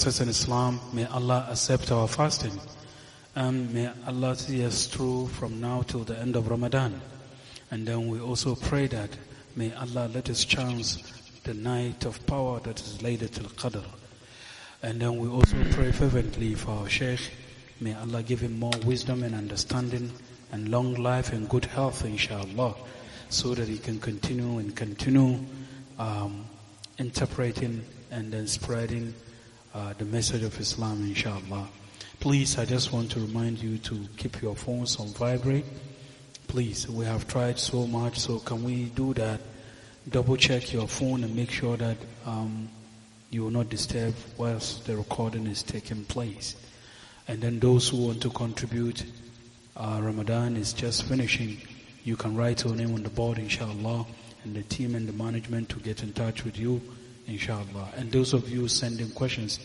Sisters in Islam, may Allah accept our fasting and may Allah see us through from now till the end of Ramadan. And then we also pray that may Allah let us chance the night of power that is laid the Qadr. And then we also pray fervently for our Sheikh. May Allah give him more wisdom and understanding and long life and good health, inshallah, so that he can continue and continue um, interpreting and then spreading uh, the message of Islam, inshallah. Please, I just want to remind you to keep your phones on vibrate. Please, we have tried so much, so can we do that? Double check your phone and make sure that um, you will not disturb whilst the recording is taking place. And then those who want to contribute, uh, Ramadan is just finishing. You can write your name on the board, inshallah, and the team and the management to get in touch with you inshallah. And those of you sending questions,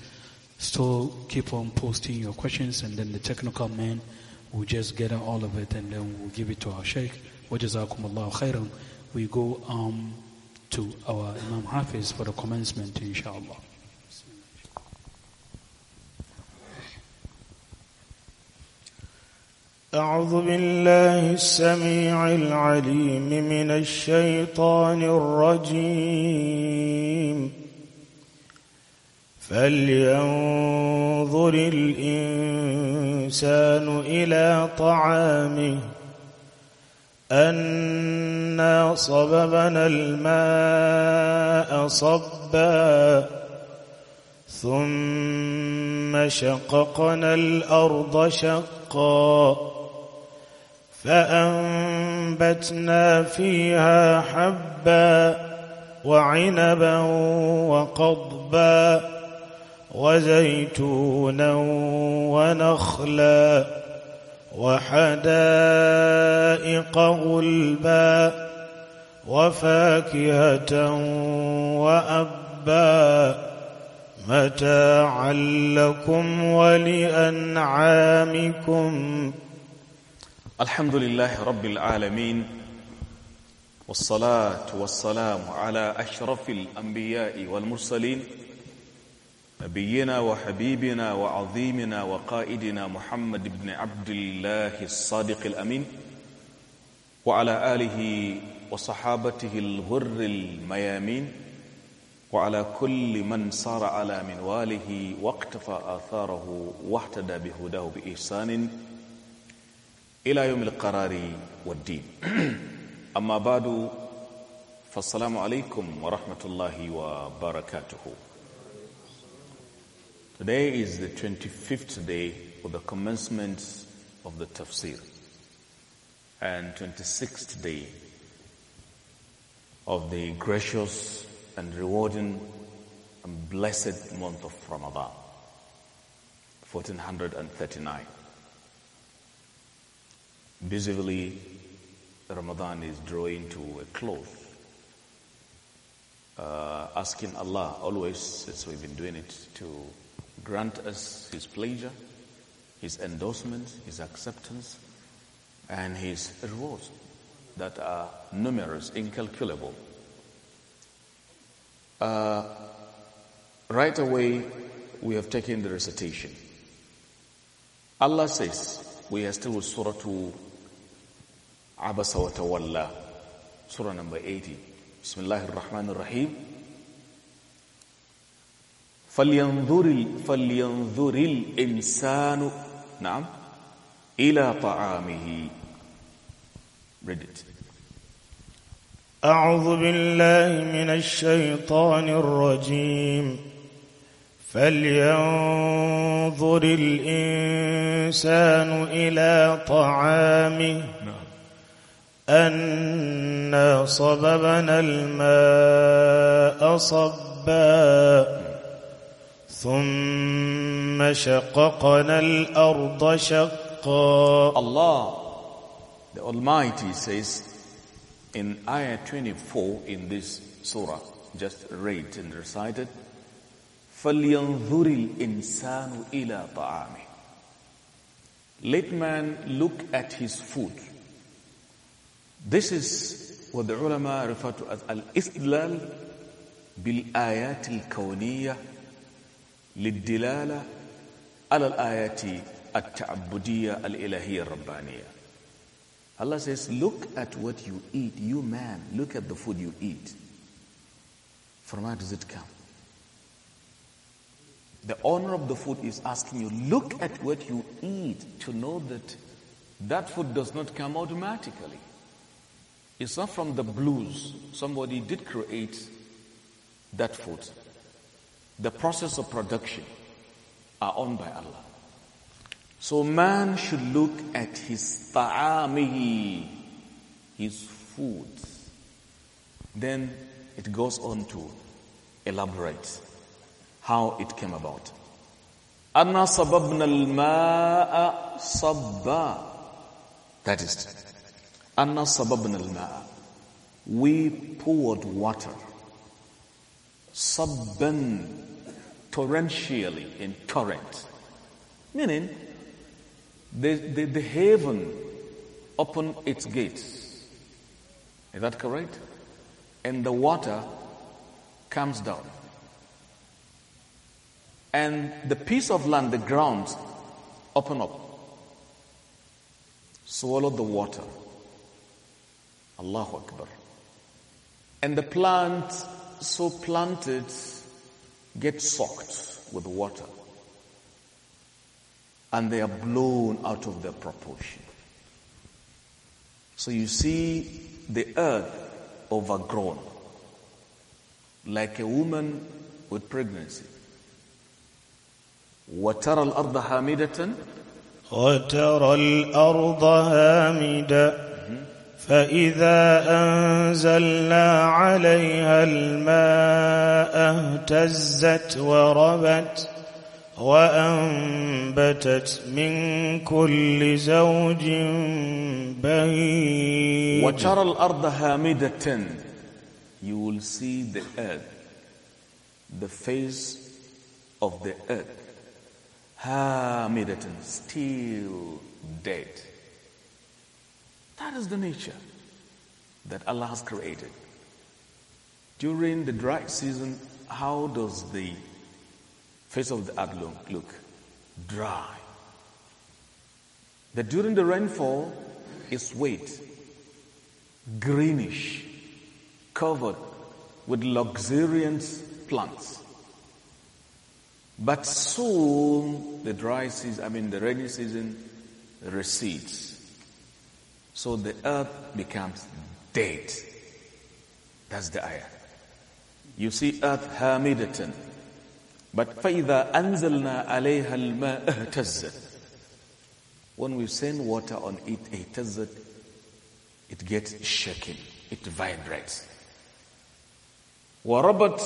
still keep on posting your questions and then the technical man will just gather all of it and then we'll give it to our sheikh. وَجَزَاكُمْ اللَّهُ خَيْرًا We go um, to our Imam Hafiz for the commencement, inshallah. أعوذ بالله السميع العليم من الشيطان الرجيم فلينظر الإنسان إلى طعامه أنا صببنا الماء صبا ثم شققنا الأرض شقا فأنبتنا فيها حبا وعنبا وقضبا وزيتونا ونخلا وحدائق غلبا وفاكهة وأبا متاعا لكم ولأنعامكم ۖ الحمد لله رب العالمين والصلاة والسلام على أشرف الأنبياء والمرسلين نبينا وحبيبنا وعظيمنا وقائدنا محمد بن عبد الله الصادق الأمين وعلى آله وصحابته الغر الميامين وعلى كل من صار على منواله واقتفى آثاره واهتدى بهداه بإحسان Today is the 25th day of the commencement of the tafsir and 26th day of the gracious and rewarding and blessed month of Ramadan, 1439. Visibly, Ramadan is drawing to a close. Uh, asking Allah always, as we've been doing it, to grant us His pleasure, His endorsement, His acceptance, and His rewards that are numerous, incalculable. Uh, right away, we have taken the recitation. Allah says, we are still with Surah عبس وتولى سورة نمبر 80 بسم الله الرحمن الرحيم فلينظر فلينظر الإنسان نعم إلى طعامه read أعوذ بالله من الشيطان الرجيم فلينظر الإنسان إلى طعامه أنا صببنا الماء صبا ثم شققنا الأرض شقا Allah the Almighty says in ayah 24 in this surah just read and recited فلينظر الإنسان إلى طعامه Let man look at his food This is what the ulama refer to as al-istidlal bil-ayat al-kawniyah at على الآيات التعبدية الإلهية الربانية. Allah says, look at what you eat, you man, look at the food you eat. From where does it come? The owner of the food is asking you, look at what you eat to know that that food does not come automatically. It's not from the blues. Somebody did create that food. The process of production are owned by Allah. So man should look at his ta'amihi, his food. Then it goes on to elaborate how it came about. أَنَّا صَبَبْنَا الْمَاءَ صَبَّا That is Anna sababna al We poured water. Sabban. Torrentially in torrent. Meaning, the, the, the heaven opened its gates. Is that correct? And the water comes down. And the piece of land, the ground, open up. swallowed the water. Allahu Akbar. And the plant so planted gets soaked with water. And they are blown out of their proportion. So you see the earth overgrown. Like a woman with pregnancy. وترى الأرض حامدة وترى الأرض هامدة فإذا أنزلنا عليها الماء اهتزت وربت وأنبتت من كل زوج بهيج وترى الأرض هامدة You will see the earth The face of the earth هامدة still dead That is the nature that Allah has created. During the dry season, how does the face of the earth look? look? Dry. That during the rainfall, it's wet, greenish, covered with luxuriant plants. But soon the dry season, I mean the rainy season recedes. So the earth becomes dead. That's the ayah. You see earth hamidatan. But فَإِذَا أَنزَلْنَا عَلَيْهَا الْمَاءَ اهْتَزَّتْ When we send water on it, اهتزت, it gets shaken. It vibrates. وَرَبَتْ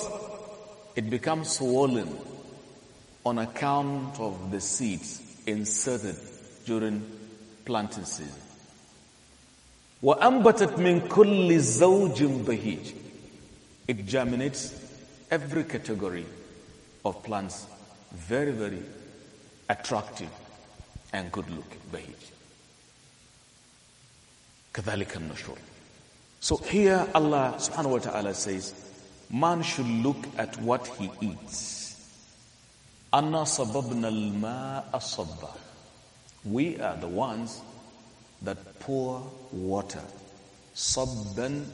It becomes swollen on account of the seeds inserted during planting season. وَأَنْبَتَتْ مِنْ كُلِّ زَوْجٍ بَهِيجٍ It germinates every category of plants very, very attractive and good looking. Bahij. كَذَلِكَ النُّشُورِ So here Allah subhanahu wa ta'ala says, man should look at what he eats. أَنَّا صَبَبْنَا الْمَاءَ صَبَّةً We are the ones that pour water. Sabban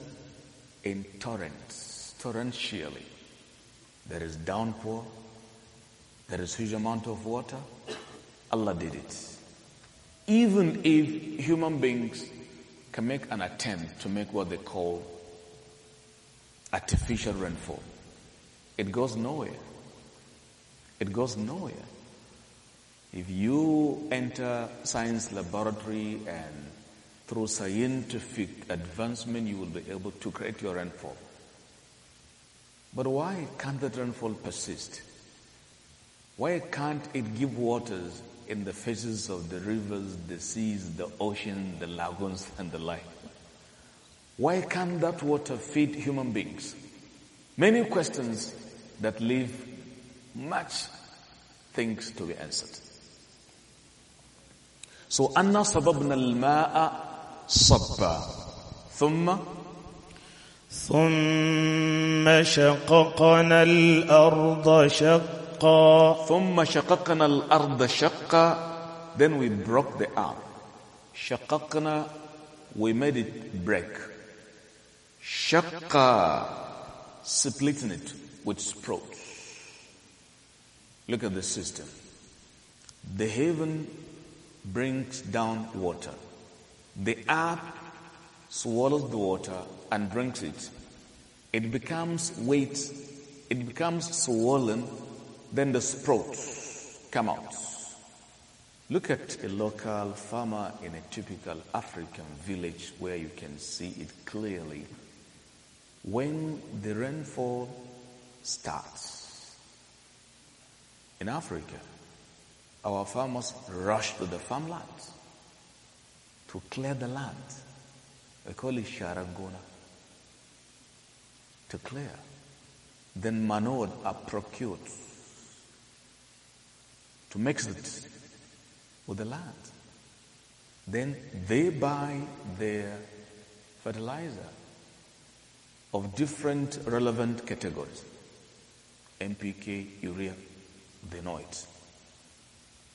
in torrents, torrentially. There is downpour. There is huge amount of water. Allah did it. Even if human beings can make an attempt to make what they call artificial rainfall, it goes nowhere. It goes nowhere. If you enter science laboratory and through scientific advancement, you will be able to create your rainfall. But why can't that rainfall persist? Why can't it give waters in the faces of the rivers, the seas, the ocean, the lagoons, and the like? Why can't that water feed human beings? Many questions that leave much things to be answered. So, أَنَّا صَبَبْنَا الْمَاءَ صبا ثم ثم شققنا الأرض شقا ثم شققنا الأرض شقا then we broke the earth شققنا we made it break شقا splitting it with sprouts look at the system the heaven brings down water The earth swallows the water and drinks it. It becomes weight. It becomes swollen. Then the sprouts come out. Look at a local farmer in a typical African village where you can see it clearly. When the rainfall starts in Africa, our farmers rush to the farmlands to clear the land. We call it Sharangona. To clear. Then manure are procured to mix it with the land. Then they buy their fertilizer of different relevant categories. MPK, urea, they know it.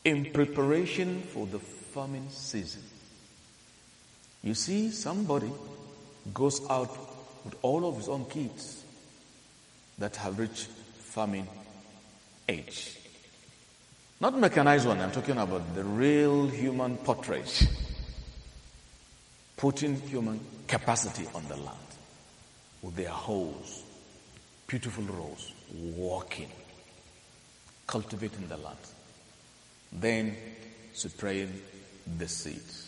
In preparation for the farming season, you see, somebody goes out with all of his own kids that have reached famine age. Not mechanized one, I'm talking about the real human portrait. Putting human capacity on the land with their hoes, beautiful rows, walking, cultivating the land, then spraying the seeds.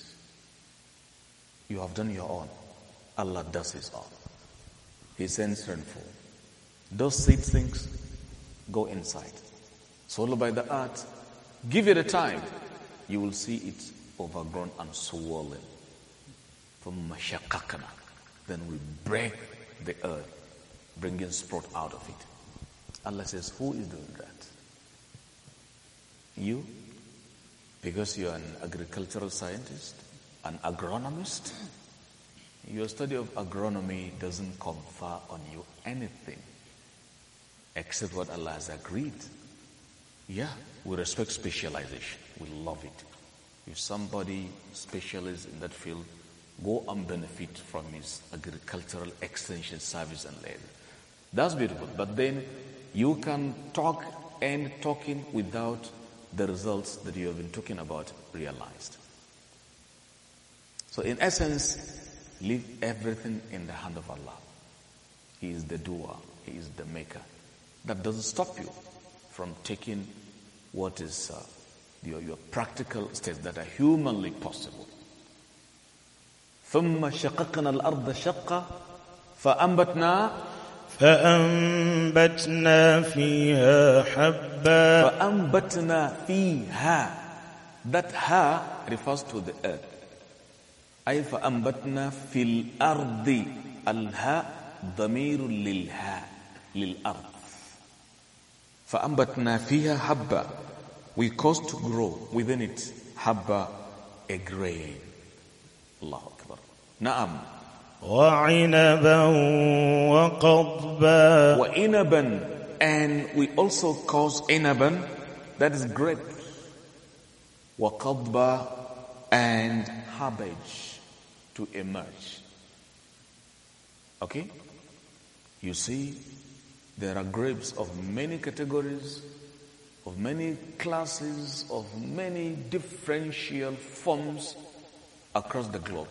You have done your own. Allah does His own. He sends rainfall. Those seed things go inside. Swallowed by the earth. Give it a time. You will see it overgrown and swollen. From mashakakana. Then we break the earth, bringing sprout out of it. Allah says, Who is doing that? You? Because you are an agricultural scientist? an agronomist, your study of agronomy doesn't confer on you anything except what Allah has agreed. Yeah, we respect specialization. We love it. If somebody specializes in that field, go and benefit from his agricultural extension service and land. That's beautiful. But then you can talk and talking without the results that you have been talking about realized. So in essence, leave everything in the hand of Allah. He is the doer. He is the maker. That doesn't stop you from taking what is uh, your, your practical steps that are humanly possible. ثم شققنا الأرض شقا فأنبتنا فأنبتنا فيها حبا فأنبتنا فيها That ha refers to the earth. أي فأنبتنا في الأرض الهاء ضمير للهاء للأرض فأنبتنا فيها حبة we caused to grow within it حبة a grain الله أكبر نعم وعنبا وقضبا وعنبا and we also cause inaban that is grapes. وقضبا and herbage to emerge. Okay? You see, there are grapes of many categories, of many classes, of many differential forms across the globe.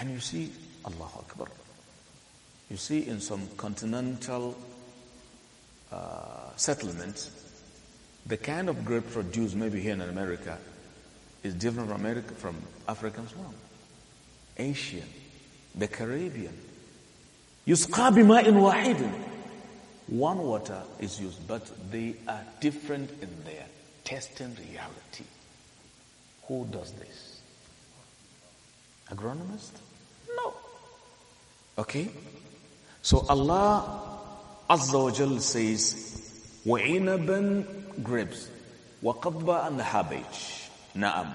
And you see, Allahu Akbar. You see, in some continental uh, settlements, the kind of grape produced maybe here in America is different from America, from Africans. Well, Asia, the Caribbean. Yusqa bima'in wahidin. One water is used, but they are different in their testing reality. Who does this? Agronomist? No. Okay? So Allah Azza wa Jal says, وَعِنَبًا grapes, وَقَضْبًا and habage. Naam.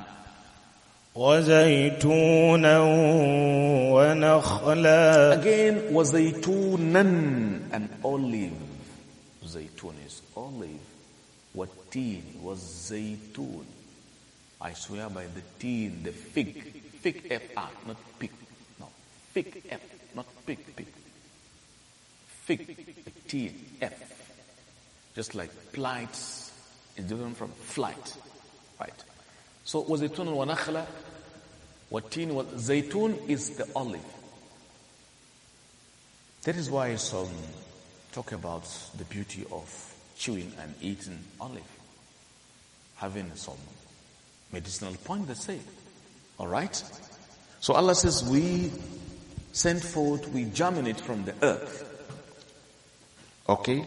وزيتونا ونخلا Again, وزيتونا an olive. Zaytun is olive. والتين والزيتون I swear by the teen, the fig, fig F-R, not pig, no, fig F, not pig, pig. Fig, teen, F. Just like flights. is different from flight, right? So وزيتون ونخلة والتين Zaytun is the olive. That is why some talk about the beauty of chewing and eating olive, having some medicinal point they say. All right. So Allah says we send forth, we germinate from the earth. Okay,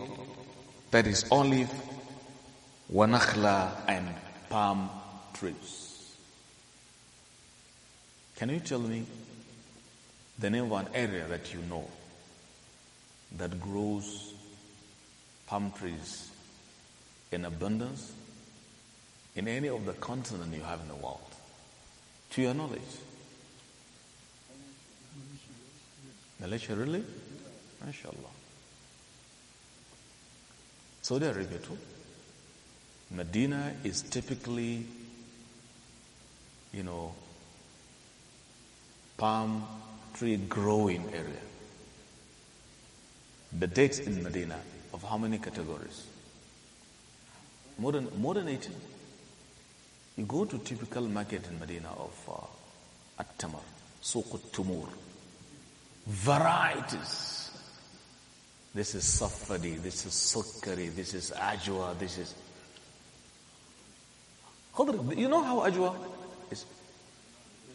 that is olive, wanakhla, and palm can you tell me the name of an area that you know that grows palm trees in abundance in any of the continent you have in the world? To your knowledge? Malaysia, really? MashaAllah. Saudi Arabia too. Medina is typically you know, palm tree growing area. The dates in Medina of how many categories? More than, more than 18. You go to typical market in Medina of uh, At-Tamar, Suq Tumur. Varieties. This is Safadi, this is Sukkari, this is Ajwa, this is... You know how Ajwa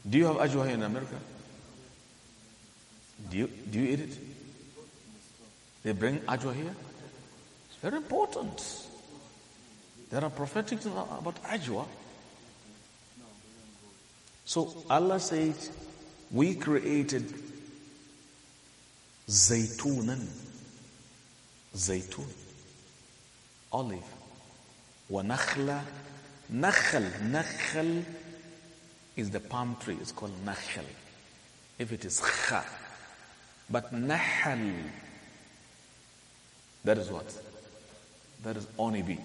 do you have ajwa in America? Do you, do you eat it? They bring ajwa here. It's very important. There are prophetic about ajwa. So Allah said, we created zaytunan, zaitun, olive, wa nakhla, نخل." is the palm tree. It's called Nahal. If it is Kha. But Nahal, that is what? That is Onibi.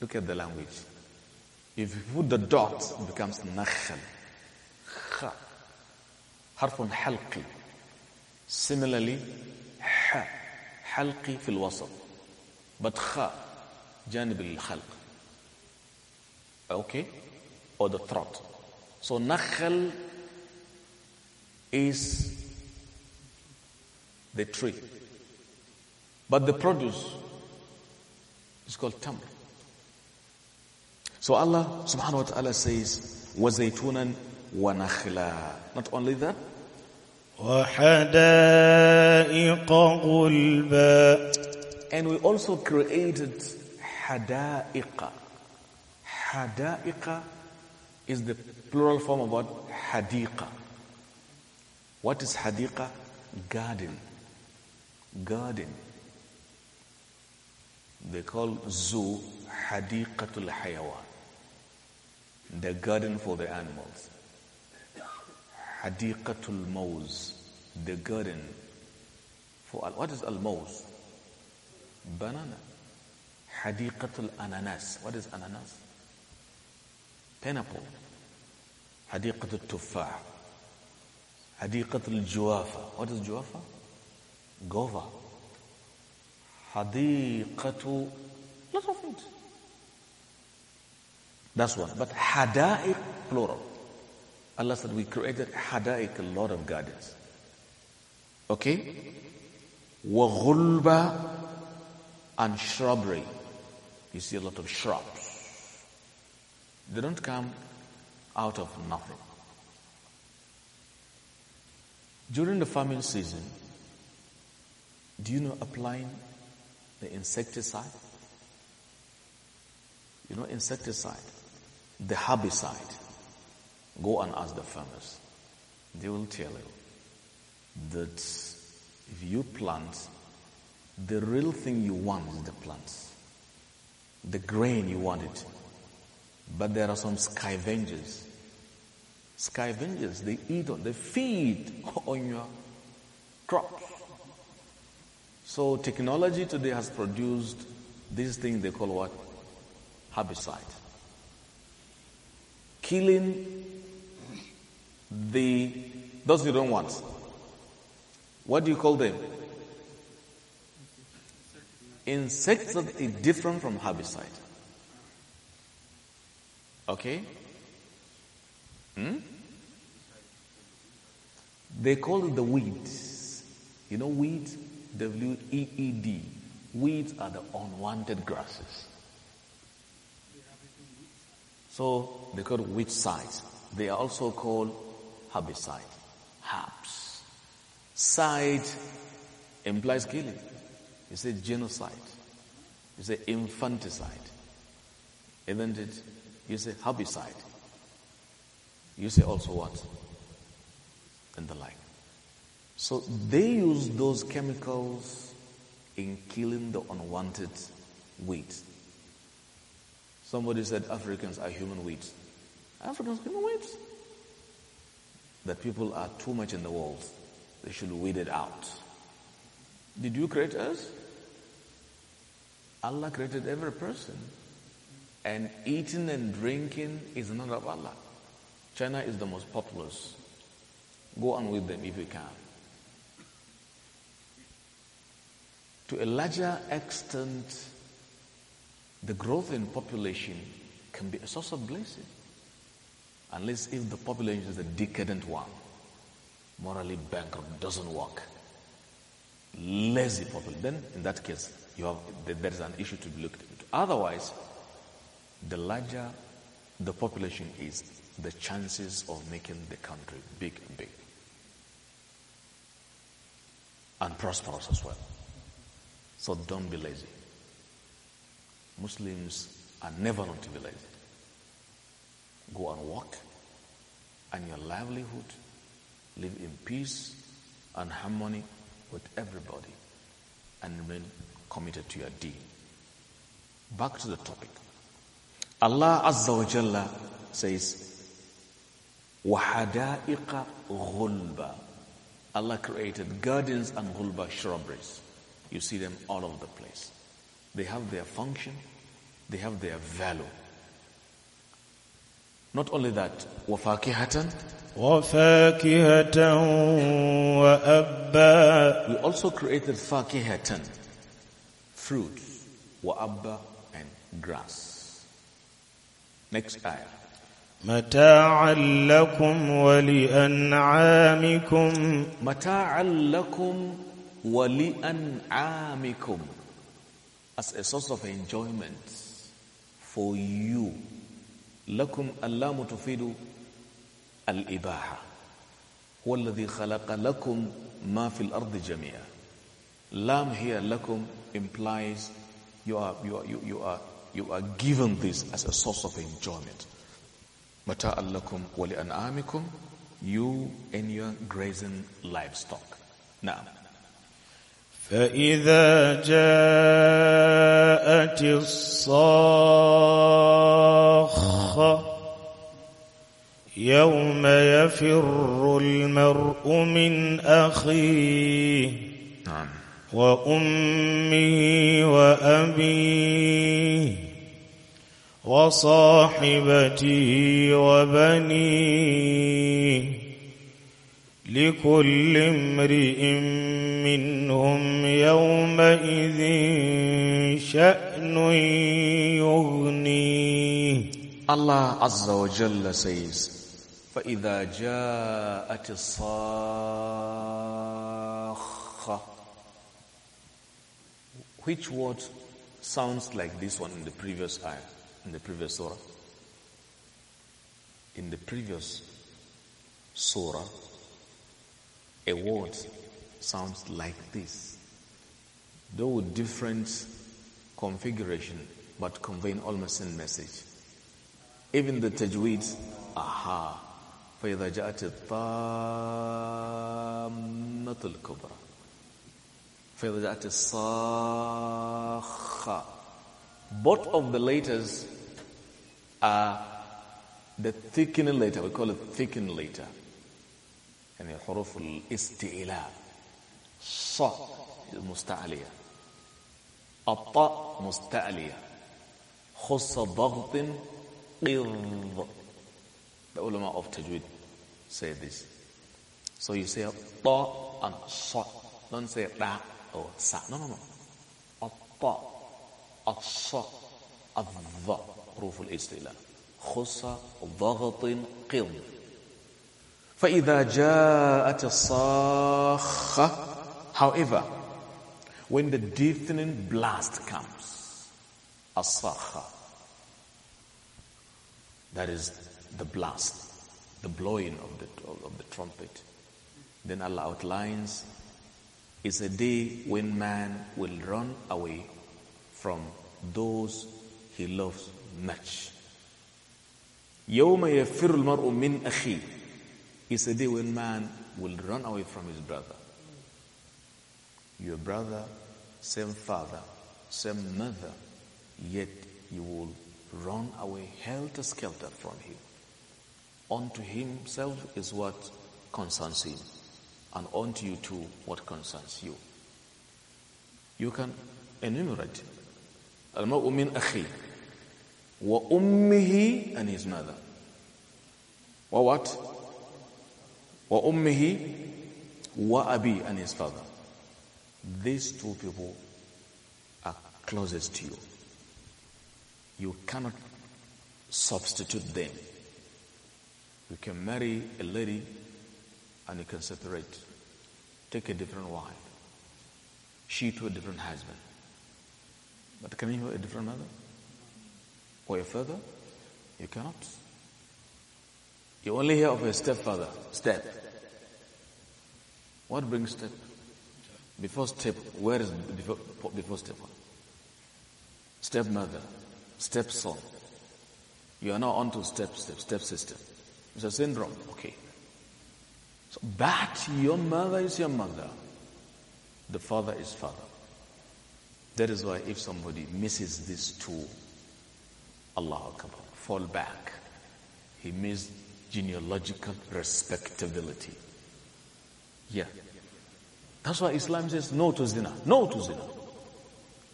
Look at the language. If you put the dot, it becomes Nahal. Kha. Harfun Halqi. Similarly, Ha. Halqi fil wasab. But Kha. جانب الخلق. Okay? or the throat. So nakhal is the tree. But the produce is called tamr. So Allah subhanahu wa ta'ala says, وَزَيْتُونًا وَنَخْلًا Not only that, وَحَدَائِقَ غُلْبًا And we also created hadaiqa. Hadaiqa is the plural form of what? Hadiqa. What is hadiqa? Garden. Garden. They call zoo hadiqatul hayawan. The garden for the animals. Hadiqatul mawz. The garden for, what is al mawz? Banana. Hadiqatul ananas. What is ananas? بينابل حديقة التفاح حديقة الجوافة what is جوافة guava حديقة lot of things that's one but حدائق plural Allah said we created حدائق a lot of gardens okay وغلبة and shrubbery you see a lot of shrubs They don't come out of nothing. During the farming season, do you know applying the insecticide? You know, insecticide, the herbicide. Go and ask the farmers. They will tell you that if you plant, the real thing you want is the plants. The grain you want it but there are some scavengers. Scavengers, they eat on, they feed on your crops. So technology today has produced this thing they call what? Herbicide. Killing the those you don't want. What do you call them? Insects that is different from herbicide. Okay? Hmm? They call it the weeds. You know, weeds? W E E D. Weeds are the unwanted grasses. So they call witch sites. They are also called herbicide, Haps. Side implies killing. You say genocide. You say infanticide. Isn't it? You say herbicide. You say also what? And the like. So they use those chemicals in killing the unwanted weeds. Somebody said Africans are human weeds. Africans are human weeds. That people are too much in the world. They should weed it out. Did you create us? Allah created every person and eating and drinking is not of Allah. China is the most populous. Go on with them if you can. To a larger extent, the growth in population can be a source of blessing. Unless if the population is a decadent one, morally bankrupt, doesn't work, lazy population, then in that case, you have, there is an issue to be looked at. Otherwise, the larger the population is, the chances of making the country big, big. And prosperous as well. So don't be lazy. Muslims are never not to be lazy. Go and work, and your livelihood, live in peace and harmony with everybody, and remain committed to your deed. Back to the topic. Allah Azza wa Jalla says, وَحَدَائِقَ غُلْبًا Allah created gardens and ghulba shrubberies. You see them all over the place. They have their function, they have their value. Not only that, وَفَاكِهَةً وَفَاكِهَةً وَأَبَّا We also created فَاكِهَةً, fruits, وَأَبَّا and grass. Next ayah. متاعا لكم ولأنعامكم متاعا لكم ولأنعامكم as a source of enjoyment for you لكم اللام تفيد الإباحة هو الذي خلق لكم ما في الأرض جميعا لام here لكم implies you are you are you, you are you are given this as a source of enjoyment. Mata'allakum wa li'an'amikum, you and your grazing livestock. Now. فإذا جاءت الصاخة يوم يفر المرء من أخيه وأمه وأبيه وصاحبته وبنيه لكل امرئ منهم يومئذ شأن يغنيه Allah عز وجل Jalla says فإذا جاءت الصاخة Which word sounds like this one in the previous ayah? in the previous surah. In the previous surah, a word sounds like this, though with different configuration, but conveying almost the same message. Even the tajweed, aha, فإذا جاءت الطامة الكبرى فإذا جاءت الصاخة both of the letters are the thickening later. We call it thickening later. And the huruf al-isti'ila. Sa is musta'aliya. Atta musta'aliya. Khussa baghtin qird. The ulama of Tajweed say this. So you say ta and sa. Don't say ra or sa. No, no, no. Atta, assa, adha. حروف الاستئلاء خص ضغط قض فإذا جاءت الصاخة However, when the deafening blast comes, asakha, that is the blast, the blowing of the, of the trumpet, then Allah outlines it's a day when man will run away from those he loves much. يَوْمَ يَفِرُّ الْمَرْءُ مِنْ أَخِيهِ Is a day when man will run away from his brother. Your brother, same father, same mother, yet you will run away helter-skelter from him. Unto himself is what concerns him, and unto you too what concerns you. You can enumerate. Al-ma'u min akhi wa ummihi and his mother. Wa what? Wa ummihi wa abi and his father. These two people are closest to you. You cannot substitute them. You can marry a lady and you can separate. Take a different wife. She to a different husband. But can you have a different mother? or your father? You cannot. You only hear of a stepfather. Step. What brings step? Before step, where is before, before step one? Stepmother, stepson. You are now on to step, step, step sister. It's a syndrome. Okay. So, but your mother is your mother. The father is father. That is why if somebody misses these two Allah Akbar. Fall back. He means genealogical respectability. Yeah. That's why Islam says no to zina. No to zina.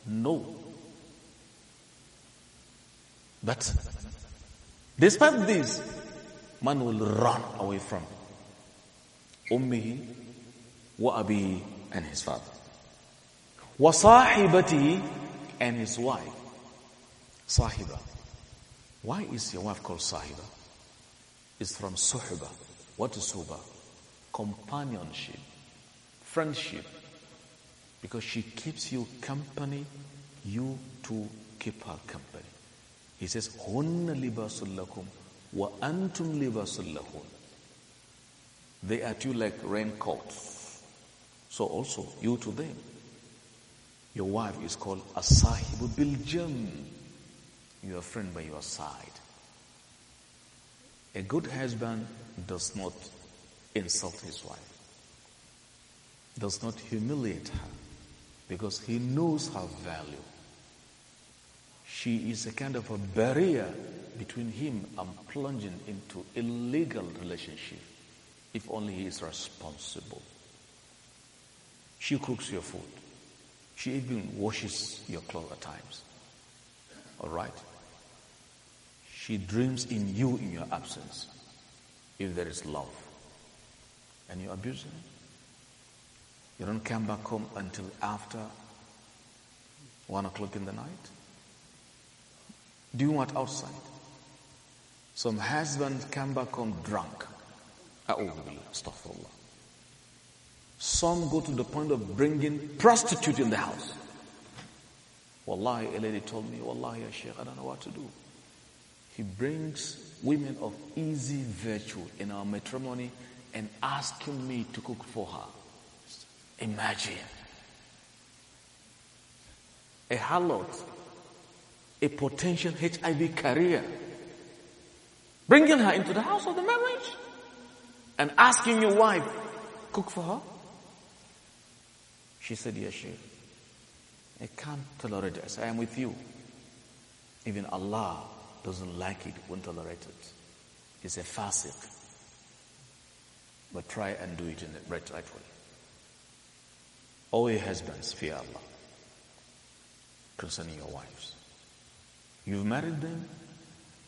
No. But despite this, man will run away from ummihi wa abihi and his father. Wa sahibati and his wife. sahibah. Why is your wife called sahiba? It's from suhba. What is suhba? Companionship, friendship. Because she keeps you company, you to keep her company. He says, Hunna libasul lakum wa antum libasul lahun. They are to you like raincoats. So also, you to them. Your wife is called Asahibu Bil-jam your friend by your side. A good husband does not insult his wife, does not humiliate her, because he knows her value. She is a kind of a barrier between him and plunging into illegal relationship if only he is responsible. She cooks your food. She even washes your clothes at times. All right? She dreams in you in your absence, if there is love. And you abuse her. You don't come back home until after one o'clock in the night. Do you want outside? Some husband come back home drunk. Some go to the point of bringing prostitute in the house. Wallahi, a lady told me, Wallahi, ya Sheikh, I don't know what to do. He brings women of easy virtue in our matrimony and asking me to cook for her. Imagine. A harlot, a potential HIV carrier, bringing her into the house of the marriage and asking your wife, cook for her? She said, yes, Sheikh. I can't tolerate this. I am with you. Even Allah doesn't like it, won't tolerate it. It's a facet. But try and do it in the right, right way. All your husbands fear Allah concerning your wives. You've married them,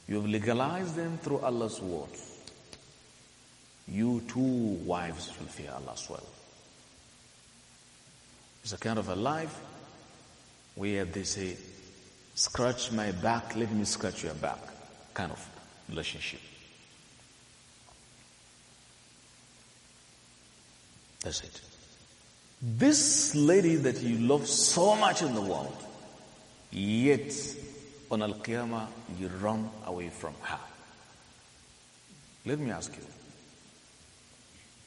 you've legalized them through Allah's word. You too, wives, will fear Allah as well. It's a kind of a life where they say, Scratch my back, let me scratch your back kind of relationship. That's it. This lady that you love so much in the world, yet on Al Qiyamah you run away from her. Let me ask you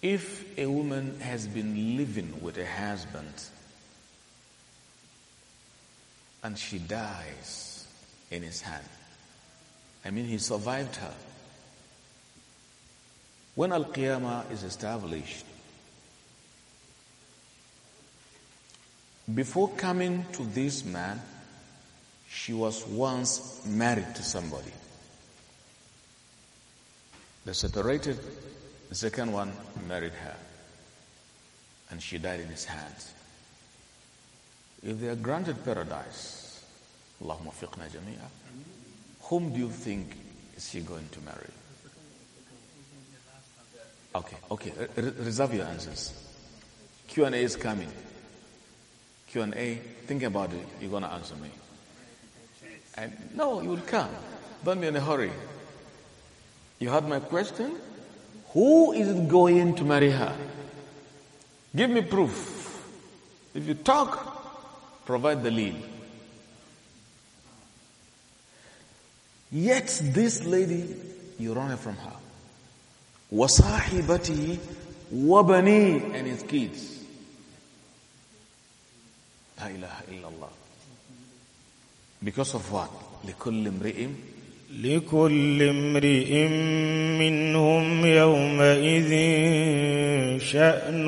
if a woman has been living with a husband and she dies in his hand. I mean, he survived her. When Al Qiyamah is established, before coming to this man, she was once married to somebody. They separated, the second one married her, and she died in his hands if they are granted paradise, Allahumma fiqna jamia, whom do you think is he going to marry? Okay, okay, Re reserve your answers. Q&A is coming. Q&A, think about it, you're going to answer me. And no, you will come. Don't be in a hurry. You had my question? Who is going to marry her? Give me proof. If you talk, provide the lead. Yet this lady, you run away from her. وَصَاحِبَتِهِ وَبَنِي And his kids. La ilaha illallah. Because of what? لِكُلِّ امْرِئٍ لكل امرئ منهم يومئذ شأن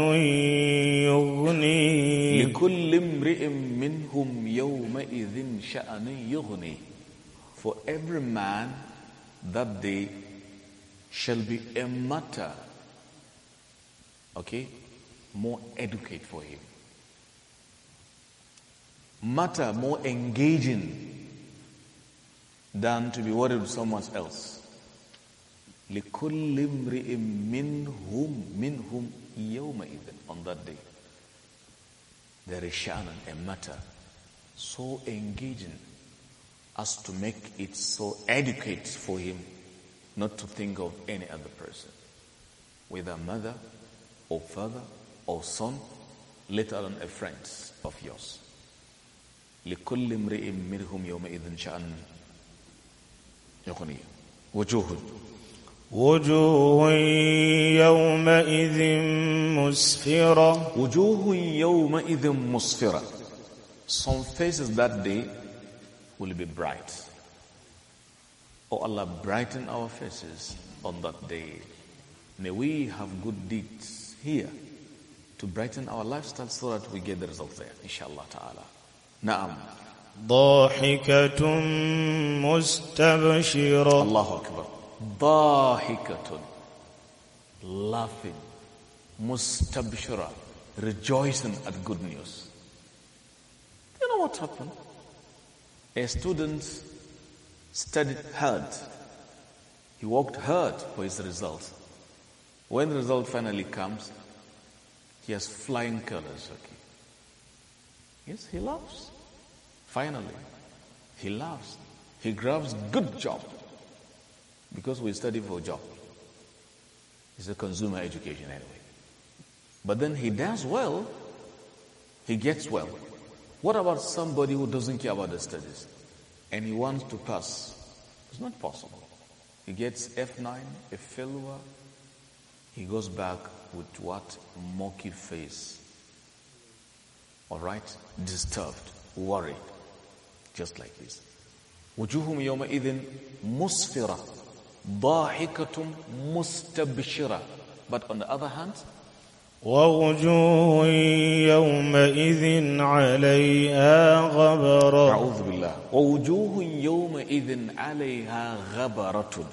يغنيه لِكُلِّ امْرِئٍ مِّنْهُمْ يَوْمَئِذٍ شَأْنٌ يُغْنِي For every man that day shall be a matter, okay, more educate for him. Matter more engaging than to be worried with someone else. لِكُلِّ امْرِئٍ مِّنْهُمْ مِّنْهُمْ يَوْمَئِذٍ On that day there is sha'nan, a matter, so engaging as to make it so adequate for him not to think of any other person, whether mother or father or son, let alone a friend of yours. لكل امرئ منهم يومئذ شأن يغنيه وجوه وجوه يومئذ مسفرة وجوه يومئذ مسفرة Some faces that day will be bright. Oh Allah, brighten our faces on that day. May we have good deeds here to brighten our lifestyle so that we get the result there, inshallah ta'ala. Naam. ضاحكة مستبشرة الله أكبر ضاحكة laughing mustabshira rejoicing at good news you know what happened a student studied hard he worked hard for his results when the result finally comes he has flying colors okay yes he laughs finally he laughs he grabs good job because we study for a job. It's a consumer education anyway. But then he does well, he gets well. What about somebody who doesn't care about the studies and he wants to pass? It's not possible. He gets F9, a failure. He goes back with what? monkey face. All right? Disturbed, worried. Just like this. وجوههم يومئذ مسفرة ضاحكة مستبشرة but on the other hand ووجوه يومئذ عليها غبرة أعوذ بالله ووجوه يومئذ عليها غبرة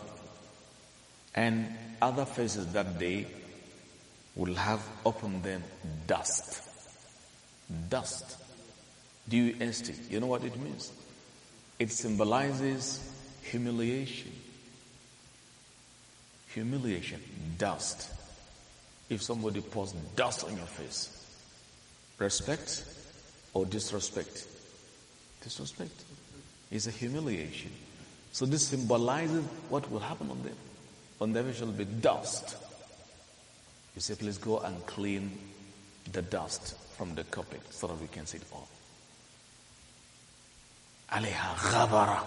and other faces that day will have upon them dust dust do you s t you know what it means it symbolizes humiliation humiliation, dust. If somebody pours dust on your face, respect or disrespect? Disrespect is a humiliation. So this symbolizes what will happen on them. On them shall be dust. You say, please go and clean the dust from the carpet so that we can see it all. Aleha ghabara.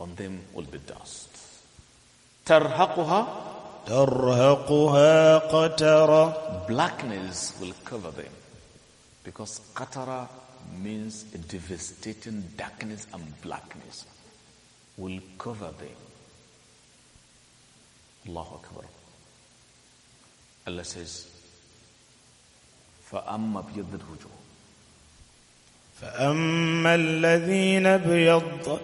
On them will be dust. ترهقها ترهقها قترة Blackness will cover them because قترة means devastating darkness and blackness will cover them. Allahu Akbar. Allah says, فأما ابيض الوجوه فأما الذين ابيضت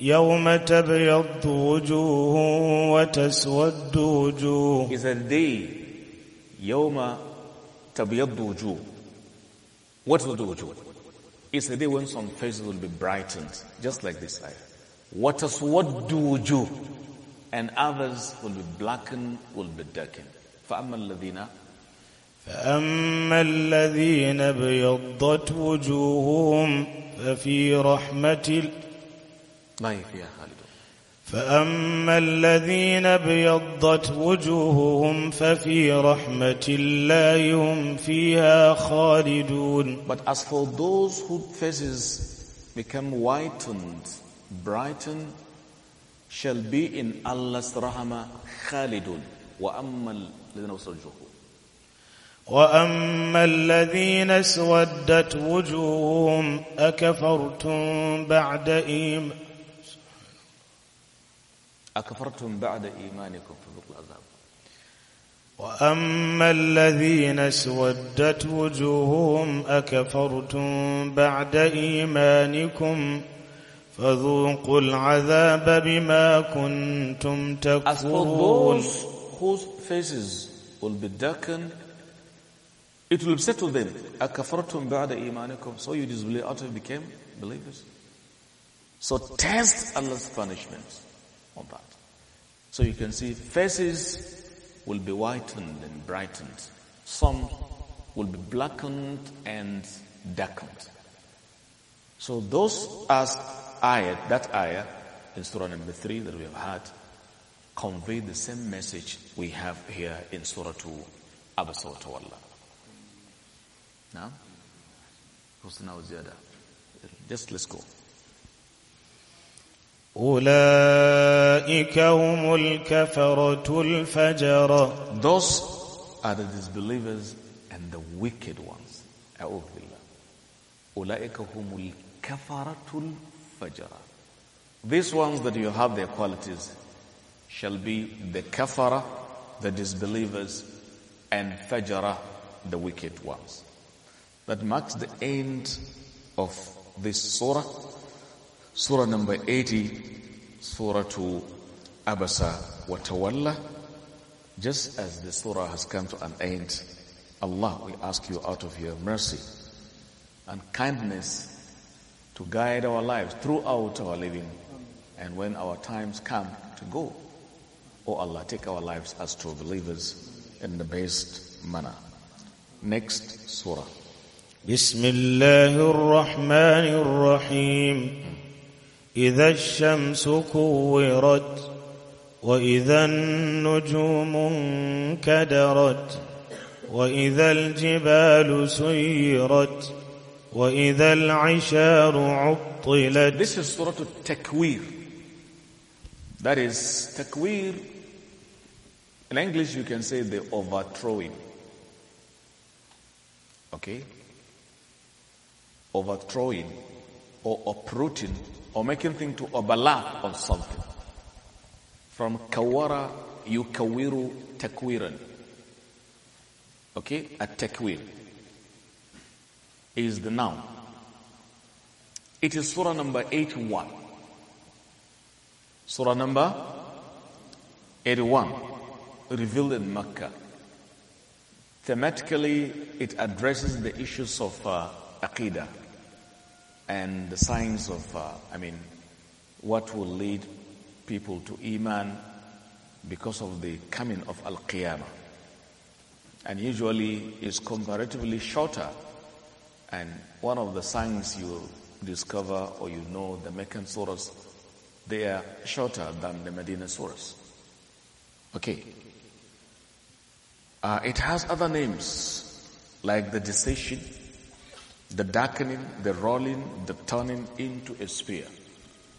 يوم تبيض وجوه وتسود وجوه is a day يوم تبيض وجوه what will do وجوه It's a day when some faces will be brightened, just like this ayah. What is what do you? And others will be blackened, will be darkened. فأما الذين فأما الذين ابيضت وجوههم ففي رحمة ما هي فيها خالد فأما الذين ابيضت وجوههم ففي رحمة الله هم فيها خالدون But as for those whose faces become whitened, brightened, shall be in Allah's rahmah خالدون وأما الذين ابيضت وجوههم واما الذين اسودت وجوههم اكفرتم بعد إيمان أكفرتم بعد إيمانكم فذوقوا العذاب وأما الذين اسودت وجوههم أكفرتم بعد إيمانكم فذوقوا العذاب بما كنتم تكفرون whose faces will be darkened it will upset to them Akafartum ba'da imanikum. so you disbelieve out of became believers so test Allah's punishments On that. So you can see faces will be whitened and brightened. Some will be blackened and darkened. So those as ayat, that ayah in Surah number three that we have had, convey the same message we have here in Surah 2, Abasawatawallah. Now, Husna Now? Just let's go. Those are the disbelievers and the wicked ones. These ones that you have their qualities shall be the kafara, the disbelievers, and fajara, the wicked ones. That marks the end of this surah. Surah number 80, Surah to Abasa wa Tawalla. Just as the surah has come to an end, Allah, we ask you out of your mercy and kindness to guide our lives throughout our living and when our times come to go. O oh Allah, take our lives as true believers in the best manner. Next surah. بسم الله الرحمن الرحيم إذا الشمس كورت وإذا النجوم انكدرت وإذا الجبال سيرت وإذا العشار عطلت This is سورة التكوير That is تكوير In English you can say the overthrowing. Okay? Overthrowing or uprooting or making things to overlap on something. From kawara, yukawiru takwiran. Okay, a takwir is the noun. It is surah number 81. Surah number 81, revealed in Mecca. Thematically, it addresses the issues of uh, Aqidah and the signs of, uh, I mean, what will lead people to Iman because of the coming of Al Qiyamah. And usually is comparatively shorter. And one of the signs you discover or you know the Meccan surahs, they are shorter than the Medina surahs. Okay. Uh, it has other names like the decision the darkening, the rolling, the turning into a sphere,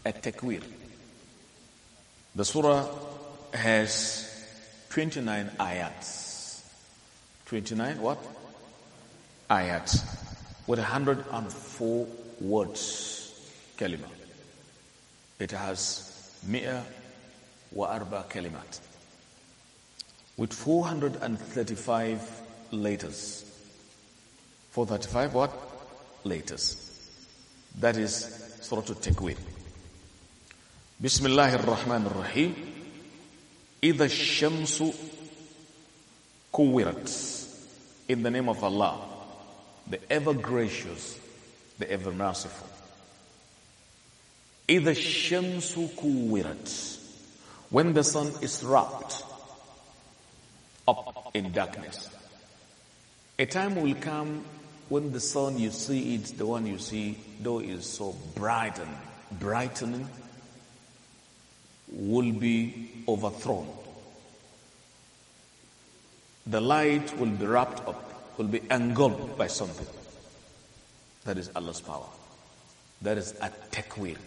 a takwir. The surah has 29 ayats. 29 what? Ayats. With 104 words, kalima. It has mi'a wa arba kalimat. With 435 letters. 435 what? letters. That is Surah al takwir Bismillah ar-Rahman ar-Rahim. إِذَا shamsu kuwirat, In the name of Allah, the ever gracious, the ever merciful. إِذَا shamsu kuwirat, When the sun is wrapped up in darkness, a time will come when the sun you see it, the one you see, though is so bright and brightening, will be overthrown. The light will be wrapped up, will be engulfed by something. That is Allah's power. That is at takwir.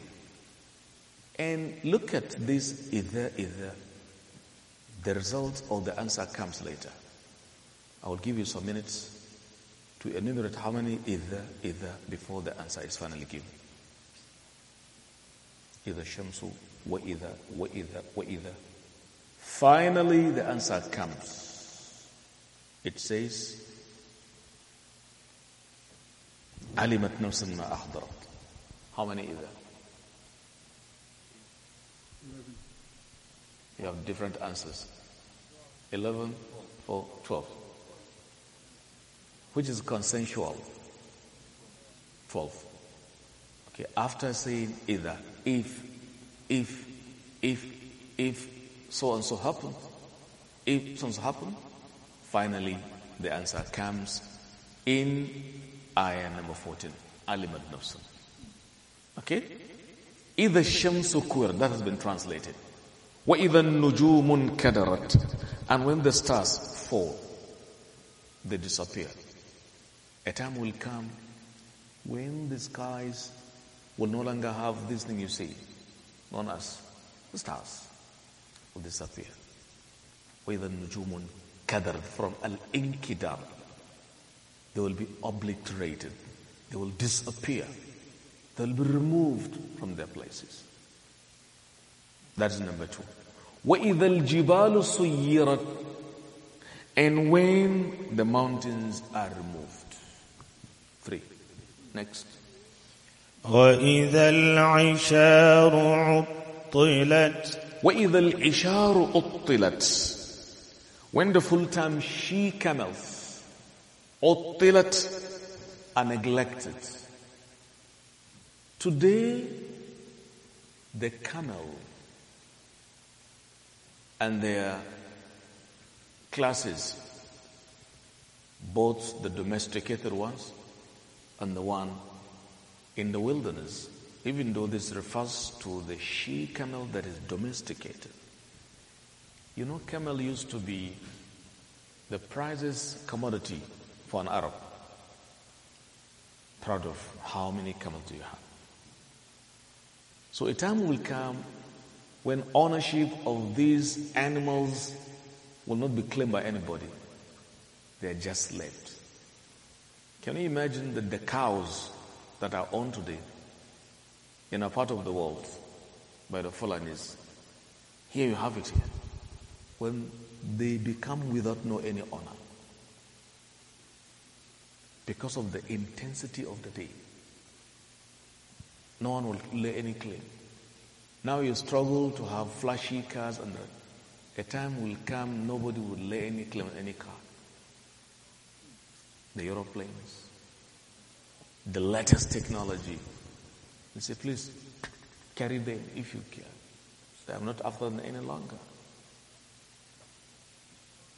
And look at this either, either. The result or the answer comes later. I will give you some minutes to enumerate how many either, either before the answer is finally given. Either Shamsu, wa either, wa either, wa either. Finally, the answer comes. It says, علمت نفس ما أحضرت. How many either? You have different answers. 11 or 12 which is consensual. 12. Okay, after saying either, if, if, if, if so and so happens, if so and so happens, finally the answer comes in ayah number 14, Alimat Nafsun. Okay? Either Shamsu Kur, that has been translated. even nujumun كَدَرَتْ And when the stars fall, they disappear. A time will come when the skies will no longer have this thing you see, known as the stars, will disappear. the النُّجُومُ gathered From al-inkidar. They will be obliterated. They will disappear. They will be removed from their places. That is number two. وَإِذَا الْجِبَالُ سُيِّرَتْ And when the mountains are removed. Next. وإذا العشار عطلت وإذا العشار عطلت When the full-time she camels عطلت are neglected. Today, the camel and their classes, both the domesticated ones and the one in the wilderness, even though this refers to the she camel that is domesticated. You know, camel used to be the prizes commodity for an Arab. Proud of how many camels do you have? So a time will come when ownership of these animals will not be claimed by anybody. They are just left. Can you imagine the, the cows that are owned today in a part of the world by the Fulanis? Here you have it here. When they become without no any honor because of the intensity of the day. No one will lay any claim. Now you struggle to have flashy cars, and a time will come nobody will lay any claim on any car the aeroplanes, the latest technology. He said, please carry them if you can. So I'm not after them any longer.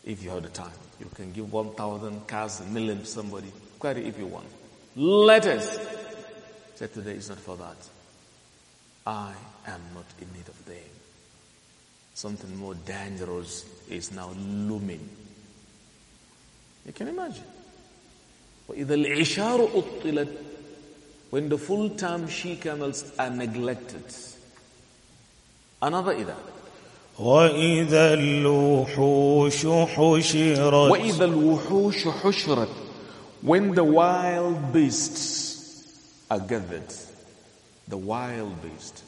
If you have the time, you can give 1,000 cars, a million somebody. Carry if you want. Letters. Said today is not for that. I am not in need of them. Something more dangerous is now looming. You can imagine. وإذا العشار أطلت when the full-term she camels are neglected. Another إذا وإذا الوحوش حشرت وإذا الوحوش حشرت when the wild beasts are gathered the wild beasts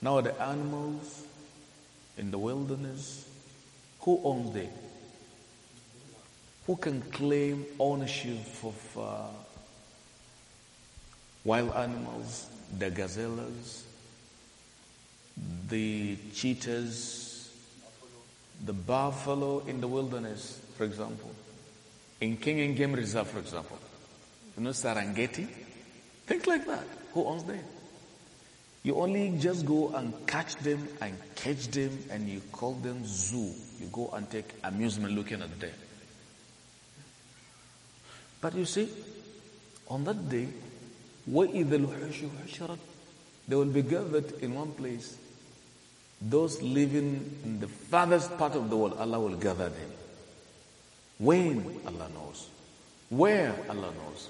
now the animals in the wilderness who owns them who can claim ownership of uh, wild animals, the gazelles, the cheetahs, the buffalo in the wilderness, for example. In King and Game Reserve, for example. You know Sarangeti? Things like that. Who owns them? You only just go and catch them and catch them and you call them zoo. You go and take amusement looking at them. But you see, on that day, وَإِذَا الْوَحُشُ حُشَرَتْ They will be gathered in one place. Those living in the farthest part of the world, Allah will gather them. When? Allah knows. Where? Allah knows.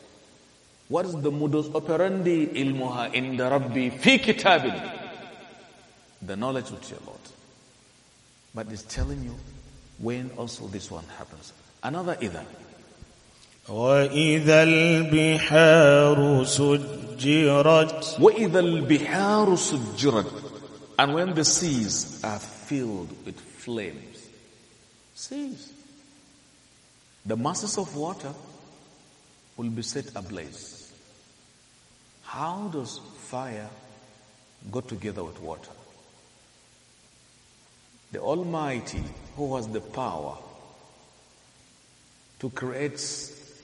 What is the modus operandi ilmuha in the Rabbi fi kitabin? The knowledge which a Lord. But it's telling you when also this one happens. Another either. وإذا البحار سجرت وإذا البحار سجرت And when the seas are filled with flames, seas, the masses of water will be set ablaze. How does fire go together with water? The Almighty, who has the power to create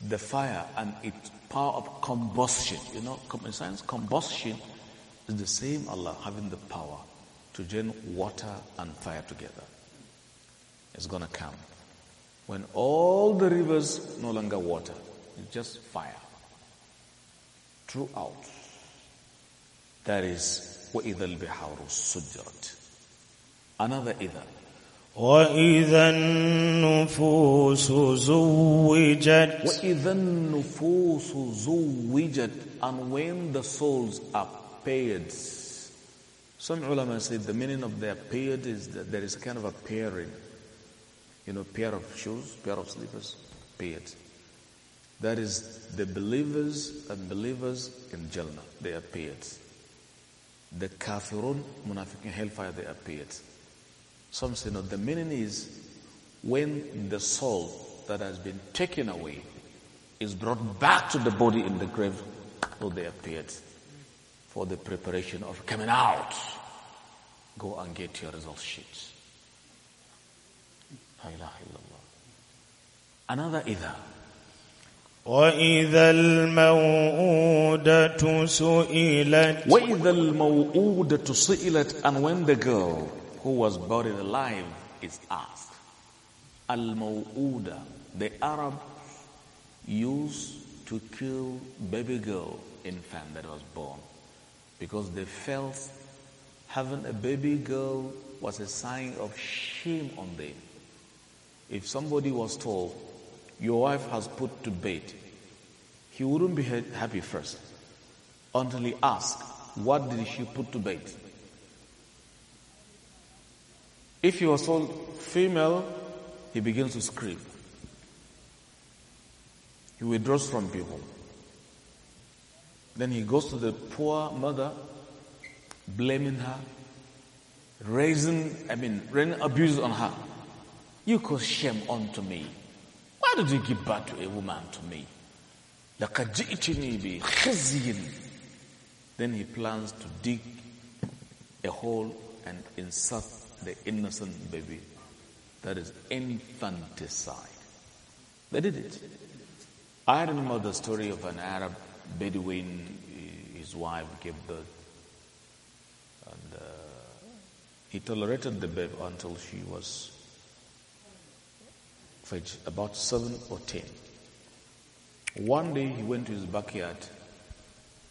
the fire and its power of combustion. You know, in science, combustion is the same Allah having the power to join water and fire together. It's going to come when all the rivers no longer water, it's just fire. Throughout, that is وَإِذَا الْبِحَارُ سُجَّرَتْ Another ida. وإذا النفوس زوجت وإذا النفوس زوجت and when the souls are paired some ulama say the meaning of their paired is that there is a kind of a pairing you know pair of shoes pair of slippers paired that is the believers and believers in Jannah they are paired the kafirun munafiqun hellfire they are paired some say no. The meaning is when the soul that has been taken away is brought back to the body in the grave, so they appeared for the preparation of coming out. Go and get your result sheets. Another either. وإذا الموءودة سئلت وإذا الموءودة سئلت and when the girl who was buried alive is asked. Al Maw'uda, the Arab used to kill baby girl infant that was born because they felt having a baby girl was a sign of shame on them. If somebody was told, Your wife has put to bed, he wouldn't be happy first until he asked, What did she put to bed? If he was told female, he begins to scream. He withdraws from people. Then he goes to the poor mother, blaming her, raising, I mean, raining abuse on her. You cause shame unto me. Why did you give birth to a woman to me? Then he plans to dig a hole and insert the innocent baby. That is infanticide. They did it. I remember the story of an Arab Bedouin, his wife gave birth. And uh, he tolerated the babe until she was about seven or ten. One day he went to his backyard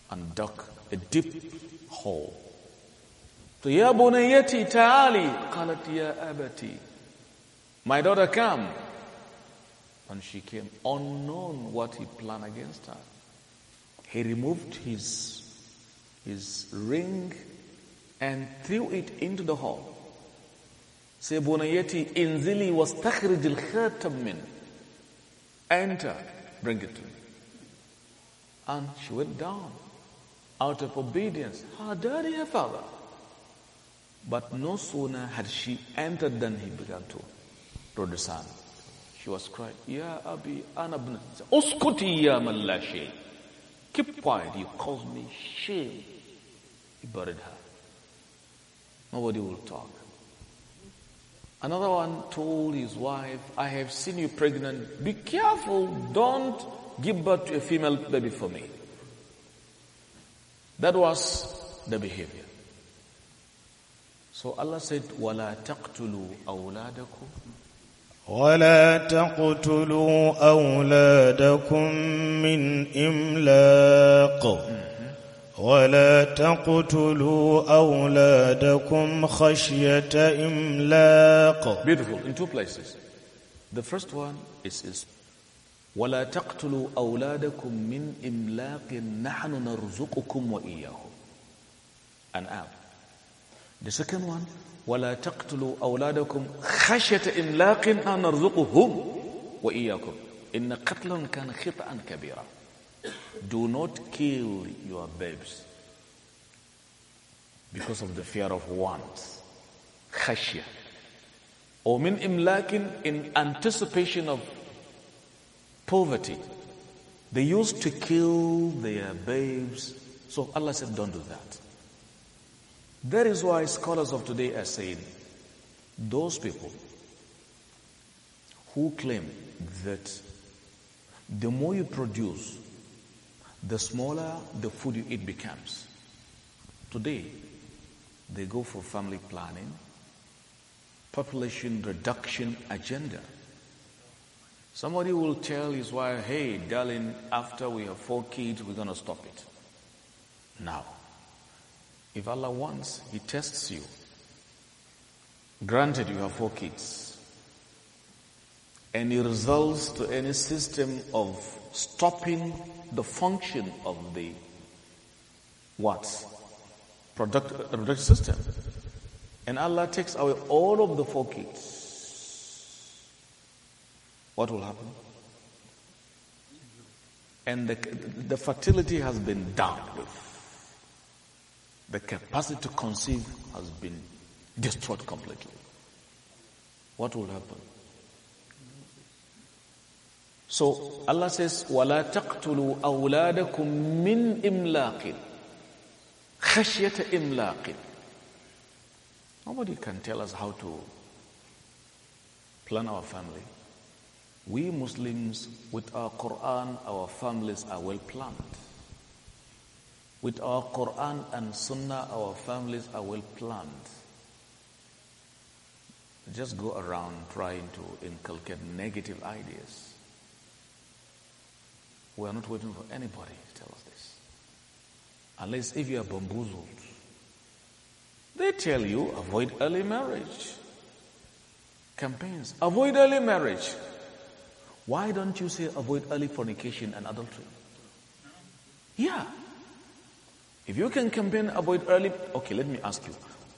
and dug a deep hole يا بنيتي taali, قالت يا abati." My daughter come And she came unknown what he planned against her He removed his his ring and threw it into the hall Say inzili was واستخرج الخاتم min." Enter, bring it to me And she went down out of obedience. Her daddy, her father. But no sooner had she entered than he began to draw the son, She was crying, Ya Abi, Anabna, Uskuti Ya Mallashi. Keep quiet, you cause me shame. He buried her. Nobody will talk. Another one told his wife, I have seen you pregnant. Be careful, don't give birth to a female baby for me. That was the behavior. So Allah said, وَلَا تَقْتُلُوا أَوْلَادَكُمْ ولا تقتلوا أولادكم من إملاق ولا تقتلوا أولادكم خشية إملاق Beautiful, in two places. The first one is, is ولا تقتلوا أولادكم من إملاق نحن نرزقكم وإياهم. An app. The second one, وَلَا تَقْتُلُوا أَوْلَادَكُمْ خَشْيَةَ إِمْلَاقٍ أن نرزقهم وَإِيَّاكُمْ إِنَّ قَتْلًا كَانَ خطأ كَبِيرًا Do not kill your babes because of the fear of want. خشية. أو من إملاق in anticipation of poverty. They used to kill their babes. So Allah said, don't do that. That is why scholars of today are saying those people who claim that the more you produce, the smaller the food you eat becomes. Today, they go for family planning, population reduction agenda. Somebody will tell his wife, hey, darling, after we have four kids, we're going to stop it. Now, if Allah wants, He tests you. Granted, you have four kids. And He results to any system of stopping the function of the what? Product, uh, product system. And Allah takes away all of the four kids. What will happen? And the, the fertility has been done with the capacity to conceive has been destroyed completely. What will happen? So Allah says, وَلَا تَقْتُلُوا أَوْلَادَكُمْ مِنْ إِمْلَاقٍ خَشْيَةَ إِمْلَاقٍ Nobody can tell us how to plan our family. We Muslims, with our Quran, our families are well planned. With our Quran and Sunnah, our families are well planned. Just go around trying to inculcate negative ideas. We are not waiting for anybody to tell us this. Unless if you are bamboozled, they tell you avoid early marriage. Campaigns avoid early marriage. Why don't you say avoid early fornication and adultery? Yeah. If you can campaign avoid early, okay, let me ask you,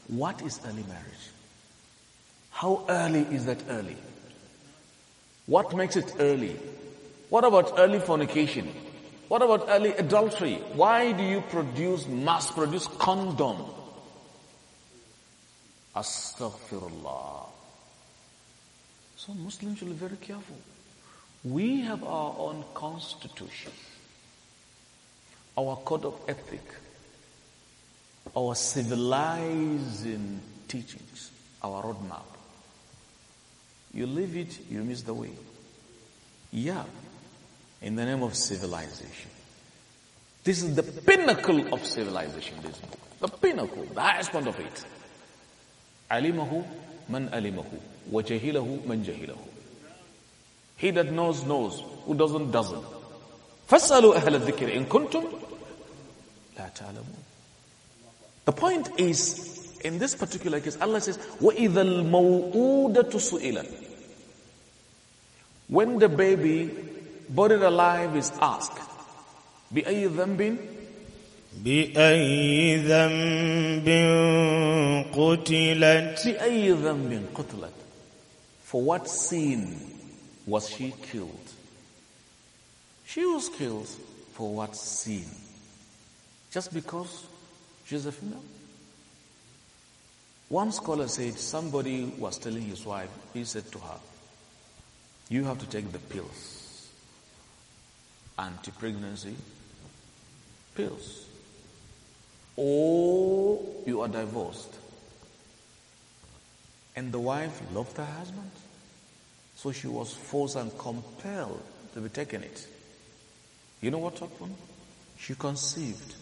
what is early marriage? How early is that early? What makes it early? What about early fornication? What about early adultery? Why do you produce, mass produce condom? Astaghfirullah. So Muslims should be very careful. We have our own constitution, our code of ethics, our civilizing teachings, our roadmap. You leave it, you miss the way. Yeah, in the name of civilization. This is the pinnacle of civilization, this book. The pinnacle, the highest point of it. Alimahu man alimahu, wa man jahilahu. He that knows, knows. Who doesn't, doesn't. فَاسْأَلُوا أَهْلَ الذِّكْرِ إِن كُنْتُمْ لَا تَعْلَمُونَ the point is, in this particular case, Allah says, وَإِذَا الْمَوْءُودَةُ سُئِلَتْ When the baby, buried alive, is asked, بِأَيِّ ذَنْبٍ بأي ذنب قتلت بأي ذنب قتلت For what sin was she killed? She was killed for what sin? Just because a female. One scholar said somebody was telling his wife, he said to her, You have to take the pills, anti pregnancy pills, or you are divorced. And the wife loved her husband, so she was forced and compelled to be taking it. You know what happened? She conceived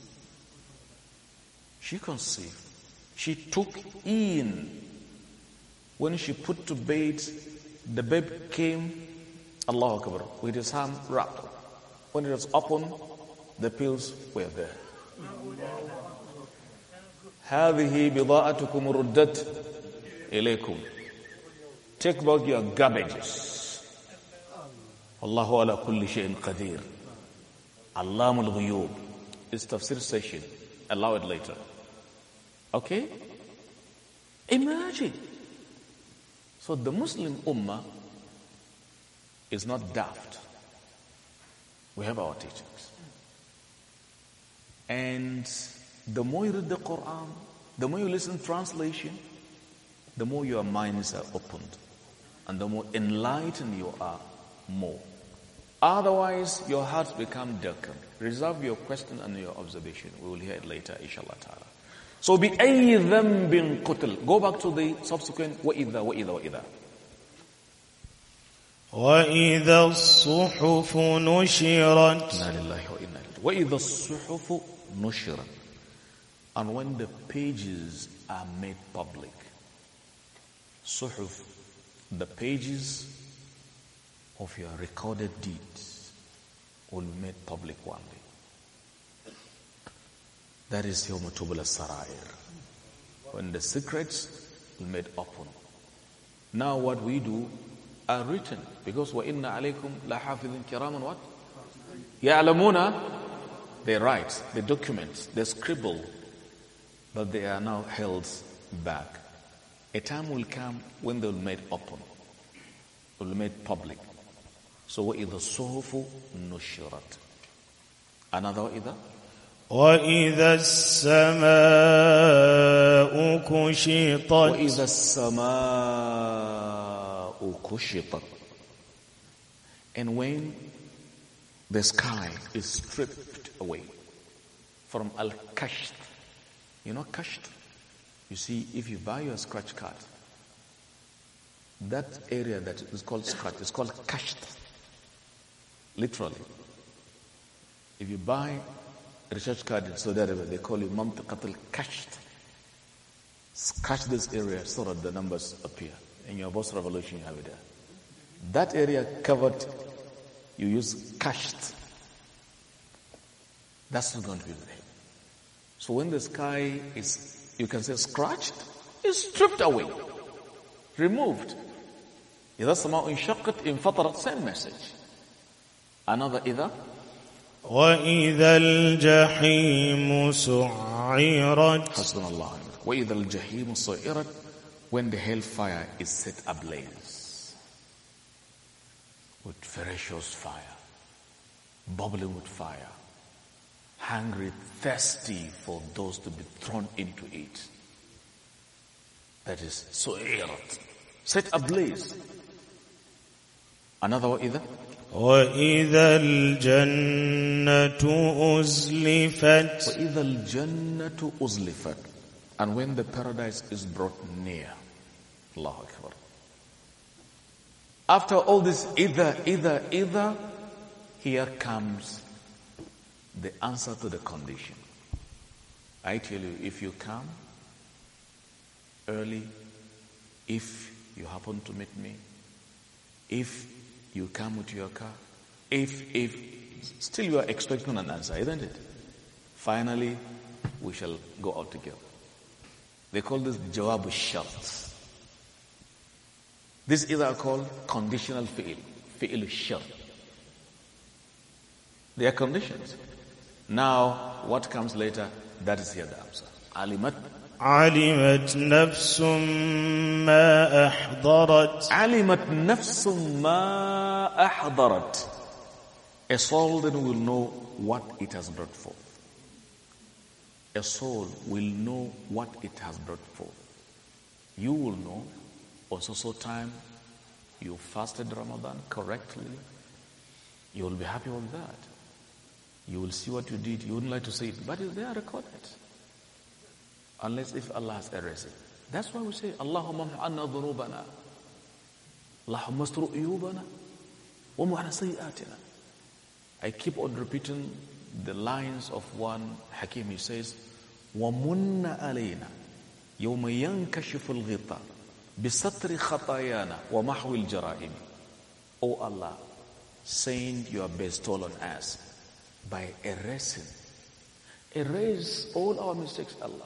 she conceived. She took in. When she put to bed, the babe came, Allahu Akbar, with his hand wrapped. When it was open, the pills were there. هذه بضاعتكم ردت إليكم Take back your garbages. Allahu ala kulli shayin qadir. Allamul ghuyub. It's tafsir session. Allow it later. Okay? Emerging. So the Muslim Ummah is not daft. We have our teachings. And the more you read the Quran, the more you listen to translation, the more your minds are opened. And the more enlightened you are, more. Otherwise, your hearts become darkened. Reserve your question and your observation. We will hear it later, inshallah ta'ala. So بأي ذنب qutl. Go back to the subsequent وإذا وإذا وإذا. وإذا الصحف نشرت. إنا لله وإنا لله. وإذا الصحف نشرت. And when the pages are made public. Suhuf, the pages of your recorded deeds will made public one day. That is your Tubul Sarair. When the secrets are made open. Now what we do are written because wa inna alaykum la hafidhin kiraman what? Ya'lamuna they write, they document, they scribble, but they are now held back. A time will come when they'll made open, will made public. So وَإِذَا الصُّحُفُ nushirat. Another وَإِذَا وإذا السماء كشطت وإذا السماء كشطت And when the sky is stripped away from al-kasht. You know kasht? You see, if you buy your scratch card, that area that is called scratch is called kasht. Literally. If you buy research card in Saudi Arabia, they call you Mamtiqat qatil kasht Scratch this area so that the numbers appear. In your boss revolution, you have it there. That area covered, you use kasht. That's not going to be the name. So when the sky is, you can say scratched, it's stripped away, removed. إذا السماء انشقت انفطرت same message. Another either. وإذا الجحيم سعرت حسبنا الله وإذا الجحيم سعرت when the hellfire is set ablaze with ferocious fire bubbling with fire hungry thirsty for those to be thrown into it that is su'irat set ablaze another one either وإذا الجنة أزلفت وإذا الجنة أزلفت and when the paradise is brought near Allah Akbar after all this either either either here comes the answer to the condition I tell you if you come early if you happen to meet me if you come with your car. If, if, still you are expecting an answer, isn't it? Finally, we shall go out together. They call this jawab shart. This is called conditional fail fail shart. They are conditions. Now, what comes later, that is here the answer. Alimat علمت نفس ما أحضرت علمت نفس ما أحضرت A soul then will know what it has brought forth. A soul will know what it has brought forth. You will know also so time you fasted Ramadan correctly. You will be happy with that. You will see what you did. You wouldn't like to say it, but it's there recorded. Unless if Allah has erased it. That's why we say, Allahumma anna dhunubana. Allahumma astru uyubana. Wa mu'ana sayi'atina. I keep on repeating the lines of one Hakim. He says, وَمُنَّ عَلَيْنَا يوم ينكشف الغطاء khatayana wa ومحو الجرائم O Allah, send your bestowal on us by erasing. Erase all our mistakes, Allah.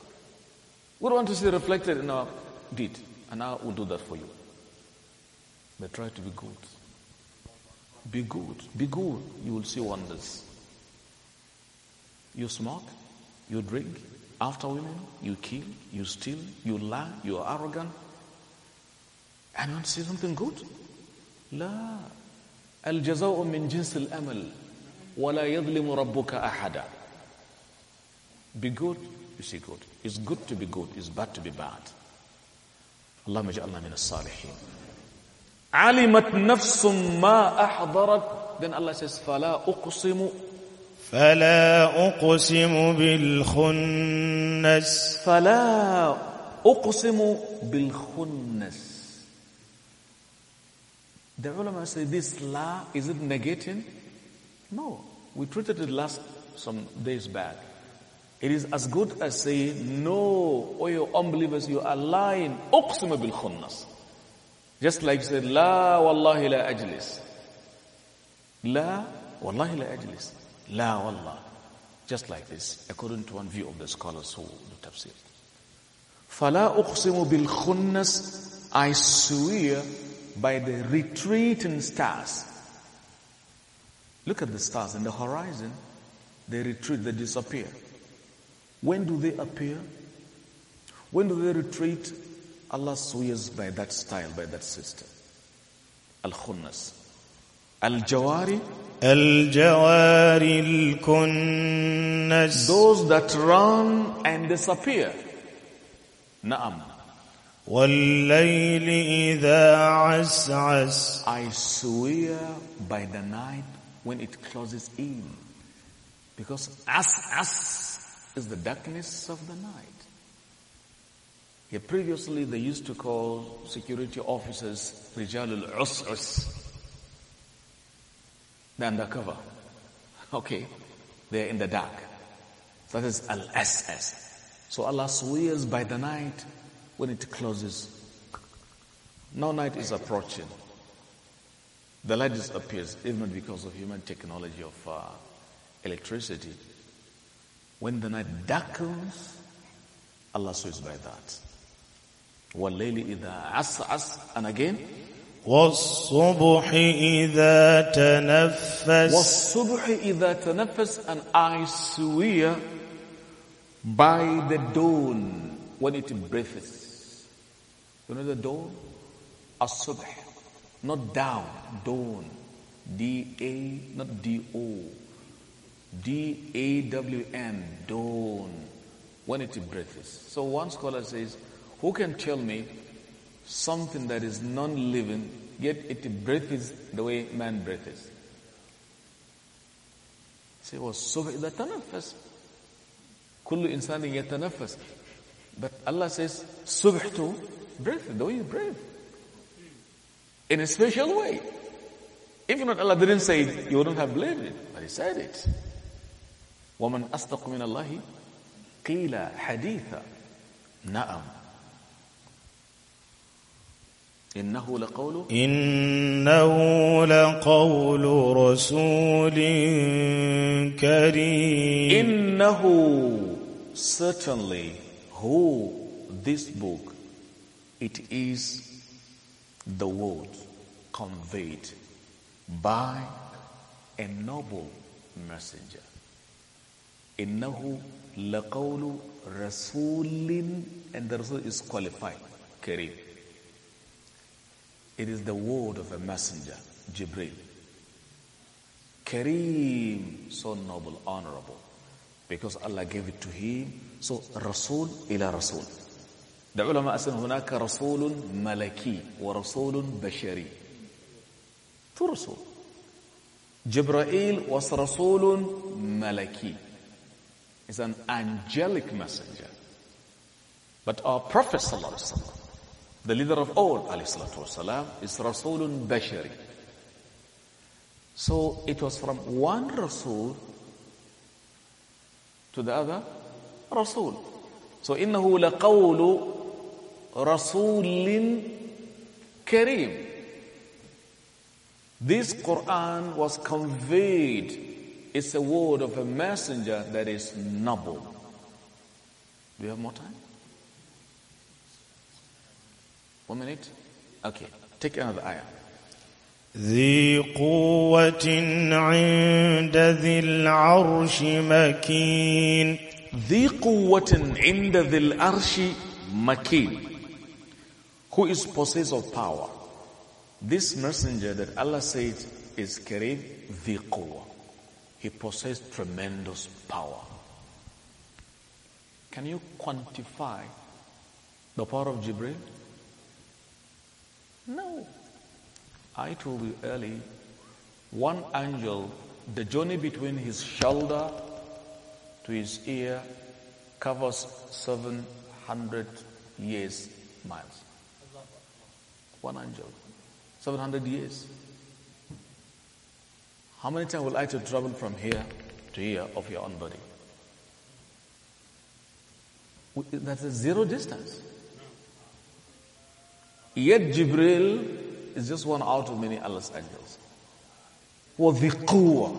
We want to see reflected in our deed, and I will do that for you. But try to be good. Be good. Be good. You will see wonders. You smoke, you drink, after women, you kill, you steal, you lie, you are arrogant. And you want to see something good? لا jazaw من جنس الأمل ولا يظلم ربك أحدا Be good, you see good. It's good to be good, it's bad to be bad. Allahumma اللهم min من الصالحين. علمت نفس ما أحضرت then Allah says فلا أقسم فلا أقسم بالخنس فلا أقسم بالخنس The ulama say this la, is it negating? No. We treated it last some days back. It is as good as saying, no, O you unbelievers, you are lying. Uqsima bil Just like you said, la wallahi la ajlis. La wallahi la ajlis. La wallah. Just like this, according to one view of the scholars who do tafsir. Fala uqsimu bil I swear by the retreating stars. Look at the stars in the horizon. They retreat, they disappear. When do they appear? When do they retreat? Allah swears by that style, by that system. Al-Khunnas. Al-Jawari. Al-Jawari al khunnas. Those that run and disappear. Naam. وَاللَّيْلِ إِذَا عَسْعَسْ I swear by the night when it closes in. Because as as is the darkness of the night. Here previously they used to call security officers Rijalul Us'us. They're undercover. Okay. They're in the dark. So That is Al-SS. So Allah swears by the night when it closes. Now night is approaching. The light disappears, even because of human technology of uh, electricity. When the night darkens, Allah swears by that. وَاللَّيْلِ إِذَا عَسْعَسْ And again, وَالصُّبْحِ إِذَا تَنَفَّسْ وَالصُّبْحِ إِذَا تَنَفَّسْ And I swear by the dawn when it breathes. You know the dawn? as Not down, dawn. D-A, not D-O. D A W N, dawn, when it breathes. So one scholar says, Who can tell me something that is non living, yet it breathes the way man breathes? Say, well, so إذا تنفس كل إنسان يتنفس but Allah says صبح breathe the way you breathe in a special way if not Allah didn't say it you wouldn't have believed it but he said it ومن أصدق من الله قيل حديثا نعم إنه لقول إنه لقول رسول كريم إنه certainly who this book it is the word conveyed by a noble messenger إنه لقول رسول and the Rasul is qualified كريم it is the word of a messenger Jibril كريم so noble honorable because Allah gave it to him so رسول إلى رسول the ulama said هناك رسول ملكي ورسول بشري two رسول جبرائيل was رسول ملكي is an angelic messenger. But our Prophet the leader of all, والسلام, is Rasulun Bashari. So it was from one Rasul to the other Rasul. So إنه لقول رسول كريم. This Quran was conveyed it's the word of a messenger that is noble. Do you have more time? One minute? Okay. Take another ayah. ذي قوة عند ذي العرش مكين ذي قوة عند ذي العرش مكين Who is possessed of power? This messenger that Allah said is Kareem ذي قوة he possessed tremendous power. Can you quantify the power of Jibril? No. I told you early, one angel, the journey between his shoulder to his ear covers 700 years, miles. One angel, 700 years. How many times will I to travel from here to here of your own body? That's a zero distance. Yet Jibril is just one out of many Allah's angels. For the quwwah,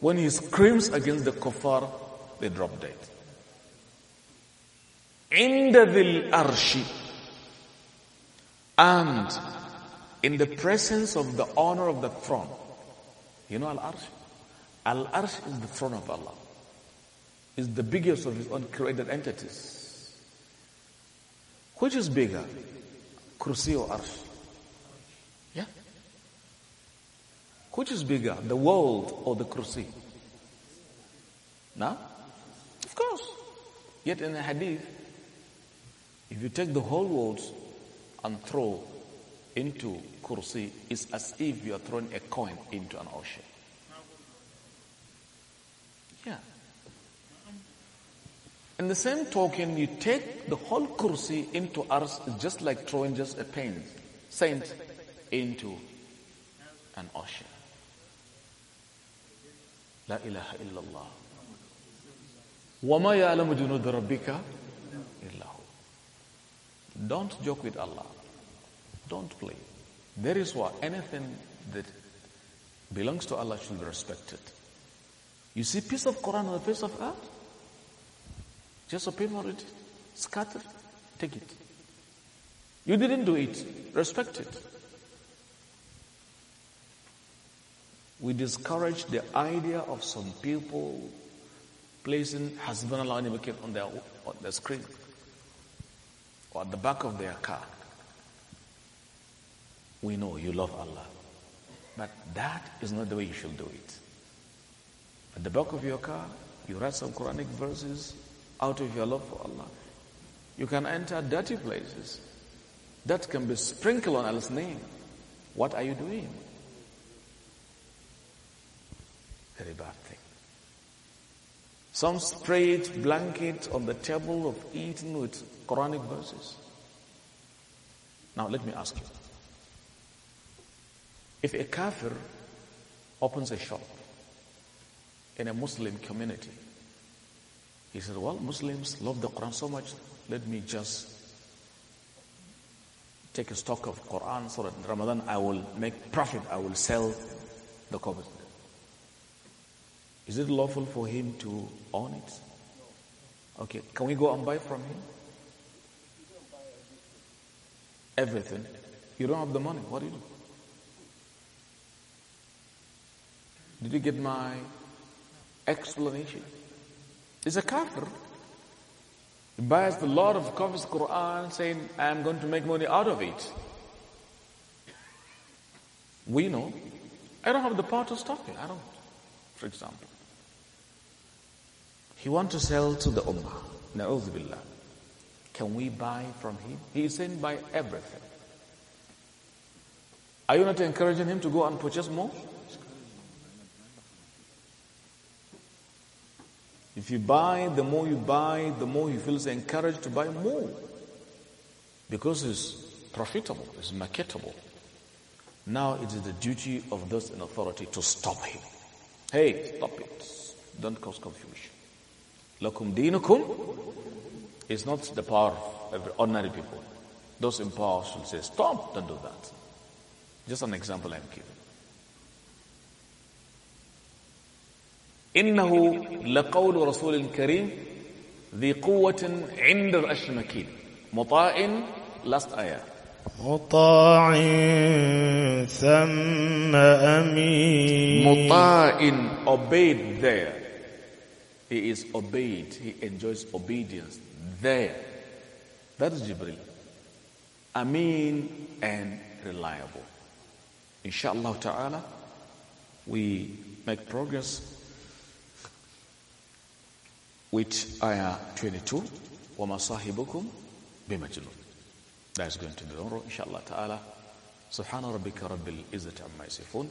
when he screams against the kuffar, they drop dead. In the arshi, and in the presence of the honor of the throne, you know Al-Arsh? Al-Arsh is the throne of Allah. Is the biggest of his own created entities. Which is bigger? Kursi or Arsh? Yeah? Which is bigger, the world or the kursi? Now, Of course. Yet in the hadith, if you take the whole world and throw into kursi is as if you are throwing a coin into an ocean. Yeah. In the same token, you take the whole kursi into ours, just like throwing just a pen, saint into an ocean. La ilaha illallah. وَمَا يَعْلَمُ جُنُودَ رَبِّكَ إِلَّهُ Don't joke with Allah. Don't play. There is why anything that belongs to Allah should be respected. You see piece of Quran on the piece of earth? Just a people read it. Scatter Take it. You didn't do it. Respect it. We discourage the idea of some people placing Hasbunallah on their, on their screen or at the back of their car. We know you love Allah. But that is not the way you should do it. At the back of your car, you write some Quranic verses out of your love for Allah. You can enter dirty places. That can be sprinkled on Allah's name. What are you doing? Very bad thing. Some sprayed blanket on the table of eating with Quranic verses. Now let me ask you. If a kafir opens a shop in a Muslim community, he says, Well, Muslims love the Quran so much, let me just take a stock of Quran so that in Ramadan I will make profit, I will sell the copies. Is it lawful for him to own it? Okay, can we go and buy from him? Everything. You don't have the money, what do you do? Did you get my explanation? He's a kafir. He buys the lot of copies Quran saying, I'm going to make money out of it. We know. I don't have the power to stop it. I don't, for example. He wants to sell to the Ummah. Na'udhu Can we buy from him? He is saying buy everything. Are you not encouraging him to go and purchase more? If you buy, the more you buy, the more he feels encouraged to buy more. Because it's profitable, it's marketable. Now it is the duty of those in authority to stop him. Hey, stop it. Don't cause confusion. Lakum dinukum is not the power of ordinary people. Those in power should say, stop, don't do that. Just an example I'm giving. إنه لقول رسول كريم ذي قوة عند الأشر مكين مطاع لست آية مطاع ثم أمين مطاع obeyed there he is obeyed he enjoys obedience there that is Jibril أمين and reliable الله ta'ala we make progress with ayah 22 وَمَا صَاحِبُكُمْ بِمَجْنُونَ That is going to be done. inshallah ta'ala. Subhana ربك رب العزة amma يصفون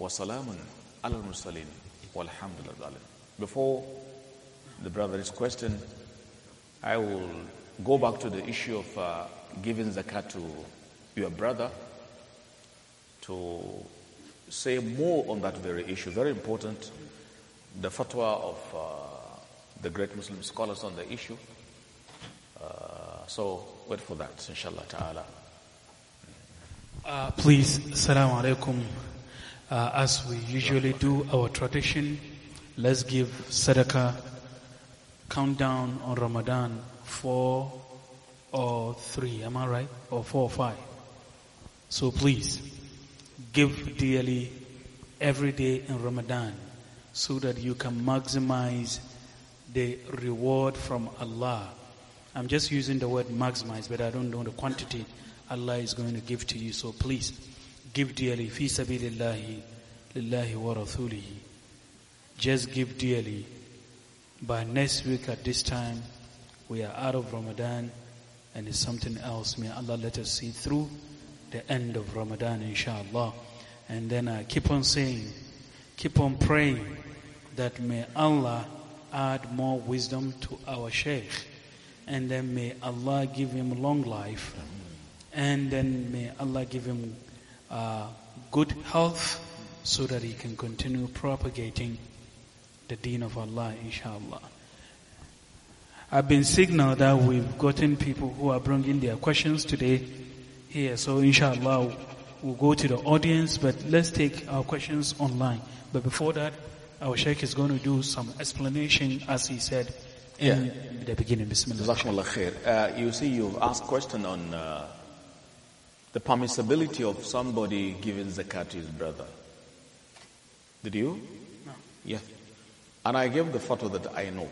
وسلام على المرسلين والحمد لله Before the brother's question, I will go back to the issue of uh, giving zakat to your brother to say more on that very issue. Very important, the fatwa of uh, the great Muslim scholars on the issue. Uh, so wait for that, inshallah ta'ala. Uh, please, assalamu alaikum. Uh, as we usually do our tradition, let's give sadaqah countdown on Ramadan four or three, am I right? Or four or five. So please, give dearly every day in Ramadan so that you can maximize the reward from Allah. I'm just using the word maximize, but I don't know the quantity Allah is going to give to you. So please, give dearly. Fi sabilillahi, lillahi wa rasulihi. Just give dearly. By next week at this time, we are out of Ramadan and it's something else. May Allah let us see through the end of Ramadan, inshallah. And then I keep on saying, keep on praying that may Allah add more wisdom to our Sheikh. And then may Allah give him long life. And then may Allah give him uh, good health so that he can continue propagating the deen of Allah, inshallah. I've been signaled that we've gotten people who are bringing their questions today here. So inshallah, we'll go to the audience, but let's take our questions online. But before that, our Sheikh is going to do some explanation as he said yeah. in the beginning. Bismillah. Uh, you see, you've asked question on uh, the permissibility of somebody giving zakat to his brother. Did you? No. Yeah. And I gave the photo that I know.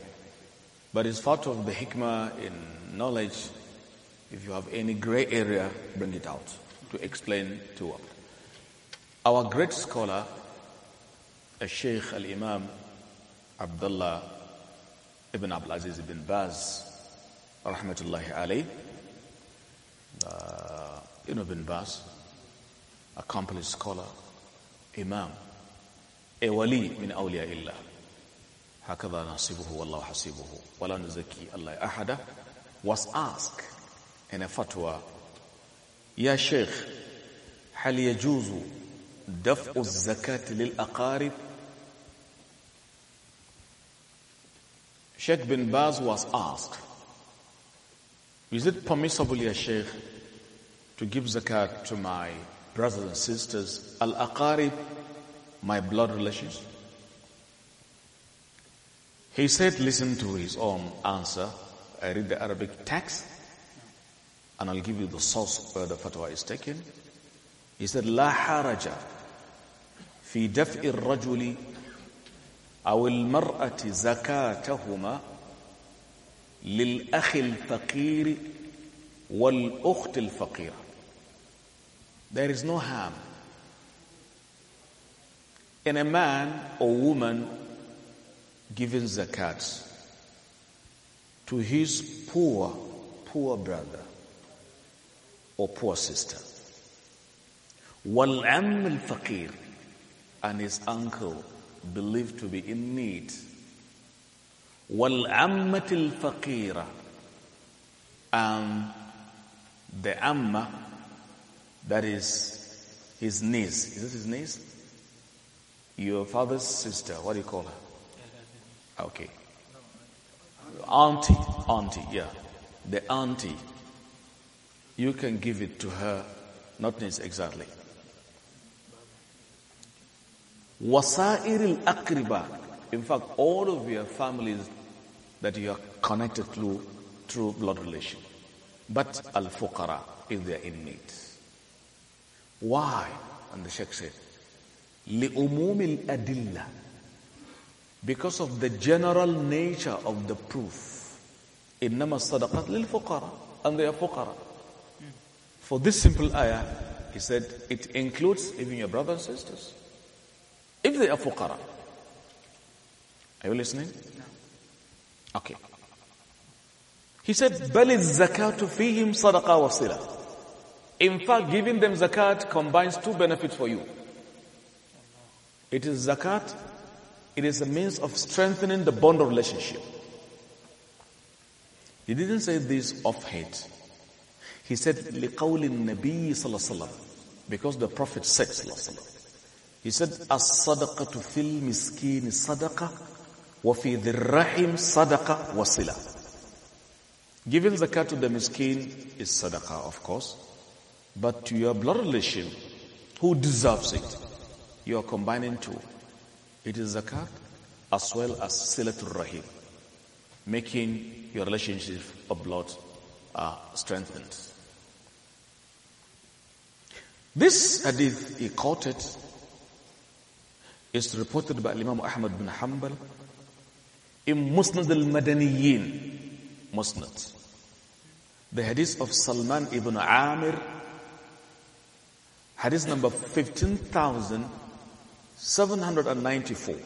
But it's part of the hikmah in knowledge. If you have any gray area, bring it out to explain to us. Our great scholar, الشيخ الإمام عبد الله ابن عبد العزيز بن باز رحمة الله عليه ابن uh, بن باز accomplished scholar إمام أولي من أولياء الله هكذا نصيبه والله حسيبه ولا نزكي الله أحدا was asked in a fatwa يا شيخ هل يجوز دفع الزكاة للأقارب Sheikh bin Baz was asked, is it permissible, Ya Sheikh, to give zakat to my brothers and sisters, al-aqarib, my blood relations? He said, listen to his own answer. I read the Arabic text and I'll give you the source where the fatwa is taken. He said, لا fi daf دفع الرجل أو المرأة زكاتهما للأخ الفقير والأخت الفقيرة There is no harm in a man or woman giving zakat to his poor, poor brother or poor sister. والعم الفقير and his uncle believed to be in need. وَالْأَمَّةِ الْفَقِيرَ And the Amma, that is his niece. Is this his niece? Your father's sister, what do you call her? Okay. Auntie, auntie, yeah. The auntie. You can give it to her, not niece exactly. Wasairil akriba. In fact, all of your families that you are connected through, through blood relation. But al fuqara is their inmate. Why? And the Sheikh said, umumil adilla Because of the general nature of the proof. sadaqat lil fuqara And they are fuqara. Hmm. For this simple ayah, he said, it includes even your brothers and sisters. If they are fuqara. Are you listening? Okay. He said, بَلِ الزَّكَاةُ فِيهِمْ صَدَقَى وَصِلَةً In fact, giving them zakat combines two benefits for you. It is zakat, it is a means of strengthening the bond of relationship. He didn't say this off hate. He said, لِقَوْلِ النَّبِيِّ صَلَى اللَّهُ Because the Prophet said, صلى الله عليه وسلم, he said, As-sadaqatu fil miskini sadaqa wa fi dhirrahim sadaqa wa sila. Giving zakat to the miskin is sadaqah, of course. But to your blood relation, who deserves it, you are combining two. It is zakat as well as silatul rahim, making your relationship of blood uh, strengthened. This hadith he quoted is reported by Imam Ahmad bin Hanbal in Musnad al-Madaniyin, Musnad. The hadith of Salman ibn Amir, hadith number 15,794.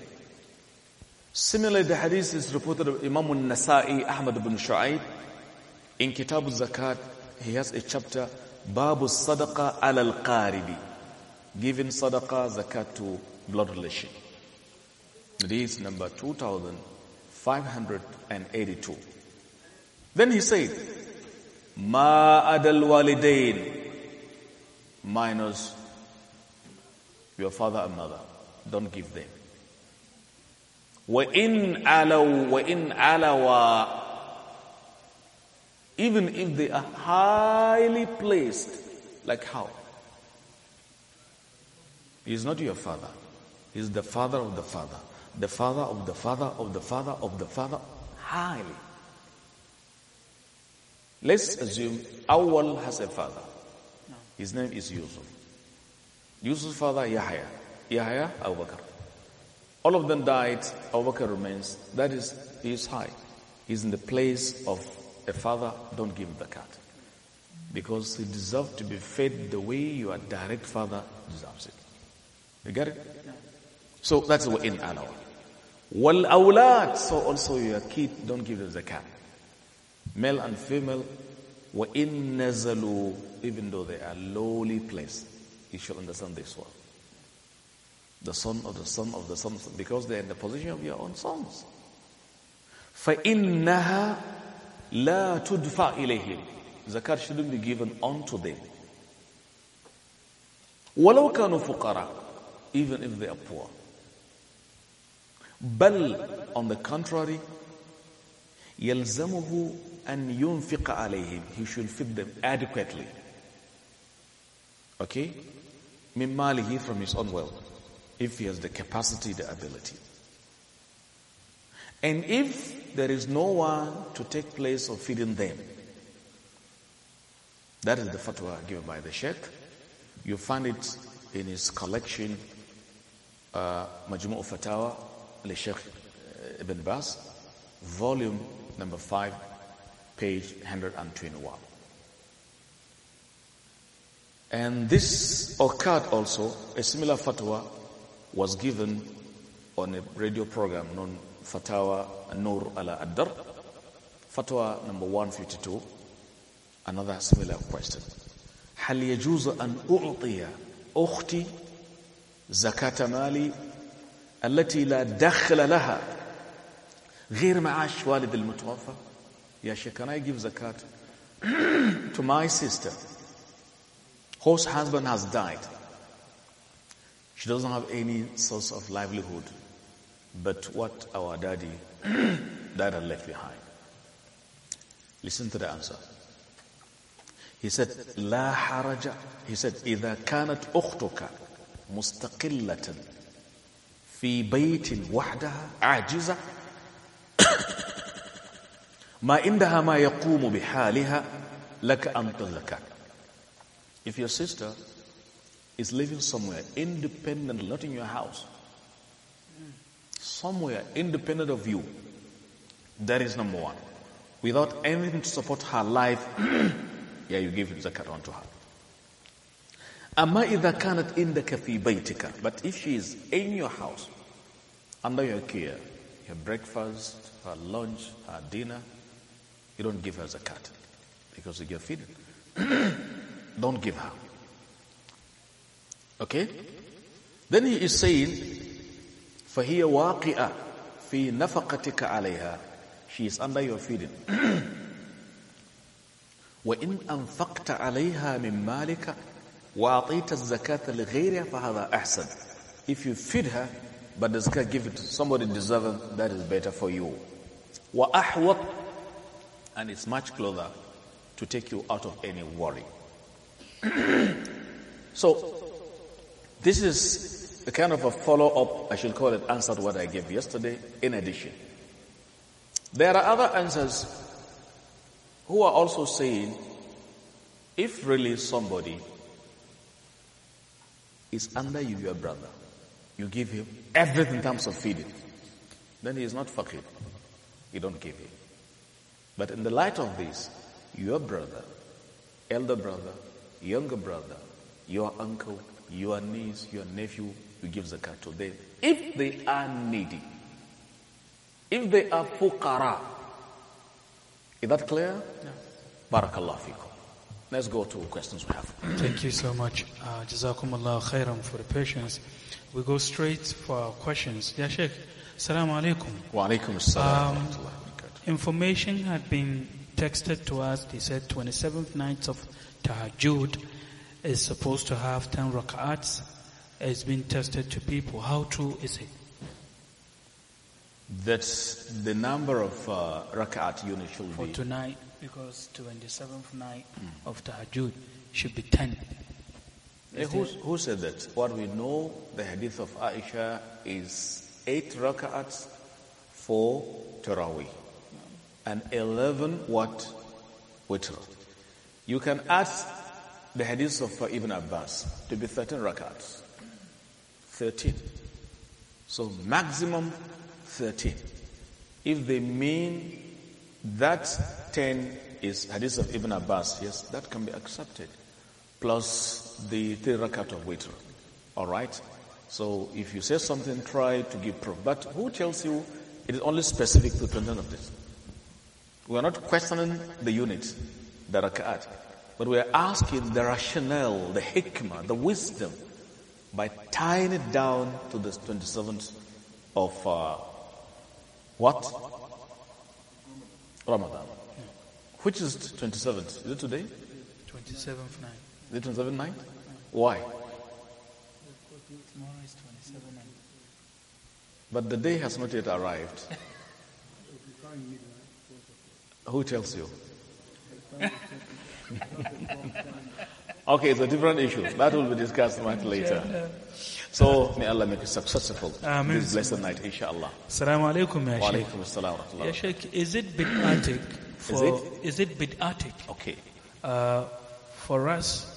Similarly, the hadith is reported by Imam al-Nasa'i, Ahmad bin Shu'aib, in Kitab al-Zakat, he has a chapter, Babu Sadaqa al-Qaribi, giving Sadaqa, Zakat to blood relation. It is number 2582. Then he said, Ma adal walidain minus your father and mother. Don't give them. وَإِنْ عَلَوْا وَإِنْ عَلَوَا Even if they are highly placed, like how? He is not your father. He is the father of the father, the father of the father of the father of the father, highly. Let's assume Awal has a father. His name is Yusuf. Yusuf's father, Yahya. Yahya, Abu Bakr. All of them died. Abu Bakr remains. That is, he is high. He's in the place of a father. Don't give him the cat. Because he deserves to be fed the way your direct father deserves it. You get it? So that's what in and out. Wal awlad. So also your kid, don't give them zakat. Male and female, wa in nazalu, even though they are lowly placed. You should understand this one. The son of the son of the son, because they are in the position of your own sons. فَإِنَّهَا لَا تُدْفَى إِلَيْهِمْ Zakat shouldn't be given unto them. وَلَوْ كَانُوا فُقَرَى Even if they are poor. بل on the contrary يلزمه أن ينفق عليهم he should feed them adequately okay من ماله from his own wealth if he has the capacity the ability and if there is no one to take place of feeding them that is the fatwa given by the sheikh you find it in his collection uh, Majmu' Fatawa للشيخ Ibn Baz, volume number 5, page 121. And this occurred also, a similar fatwa was given on a radio program known Fatawa Nur ala Addar, fatwa number 152, another similar question. هل يجوز أن أعطي أختي زكاة مالي التي لا دخل لها غير معاش والد المتوفى يا شيخ can I give zakat to my sister whose husband has died? She doesn't have any source of livelihood but what our daddy dad had left behind. Listen to the answer. He said, لا حرج. He said, إذا كانت أختك مستقلة If your sister is living somewhere independent, not in your house, somewhere independent of you, that is number one. Without anything to support her life, yeah, you give zakat onto her. أما إذا كانت عندك في بيتك but if she is in your house under your care her breakfast her lunch her dinner you don't give her zakat because you give feeding don't give her okay then he is saying فهي واقعة في نفقتك عليها she is under your feeding وإن أنفقت عليها من مالك وَأَعْطِيتَ الزَّكَاةَ لِغَيْرِهَا فَهَذَا أَحْسَنُ If you feed her, but the give it to somebody deserving, that is better for you. وَأَحْوَطْ And it's much closer to take you out of any worry. so, this is a kind of a follow-up, I should call it, answer to what I gave yesterday, in addition. There are other answers who are also saying, if really somebody is under you, your brother. You give him everything in terms of feeding. Then he is not fakir. You don't give him. But in the light of this, your brother, elder brother, younger brother, your uncle, your niece, your nephew, you give zakat to them. If they are needy, if they are fuqara, is that clear? Yes. Barakallah fikum. Let's go to questions we have. Thank you so much. Uh, Jazakumullah for the patience. We go straight for our questions. Ya Sheikh, Assalamu alaikum. Wa alaikum assalam. Um, information had been texted to us. They said 27th night of Tahajjud is supposed to have 10 rak'ats. It's been tested to people. How true is it? That's the number of uh, rak'at units should for be. For tonight. Because 27th night mm. of Tahajjud should be 10. Hey, who, said that? What we know, the hadith of Aisha is 8 rak'ats for Taraweeh and 11 what? Witr. You can add the hadith of Ibn Abbas to be 13 rak'ats. 13. So maximum 13. If they mean that 10 is hadith of Ibn Abbas. Yes, that can be accepted. Plus the three rakat of witr. All right? So if you say something, try to give proof. But who tells you it is only specific to the of this? We are not questioning the unit, the rakat. But we are asking the rationale, the hikmah, the wisdom by tying it down to the 27th of uh, what? Ramadan, which is 27th. Is it today? 27th night. Is it 27th night? Why? Tomorrow is 27th But the day has not yet arrived. Who tells you? okay, it's a different issue. That will be discussed much later. So may Allah make it successful. Amen. This blessed night, inshallah. Assalamu alaikum, Ya Sheikh. Wa alaikum assalam, Ya Sheikh, is it bid'atic? For, is it bid'atic? Okay. Uh, for us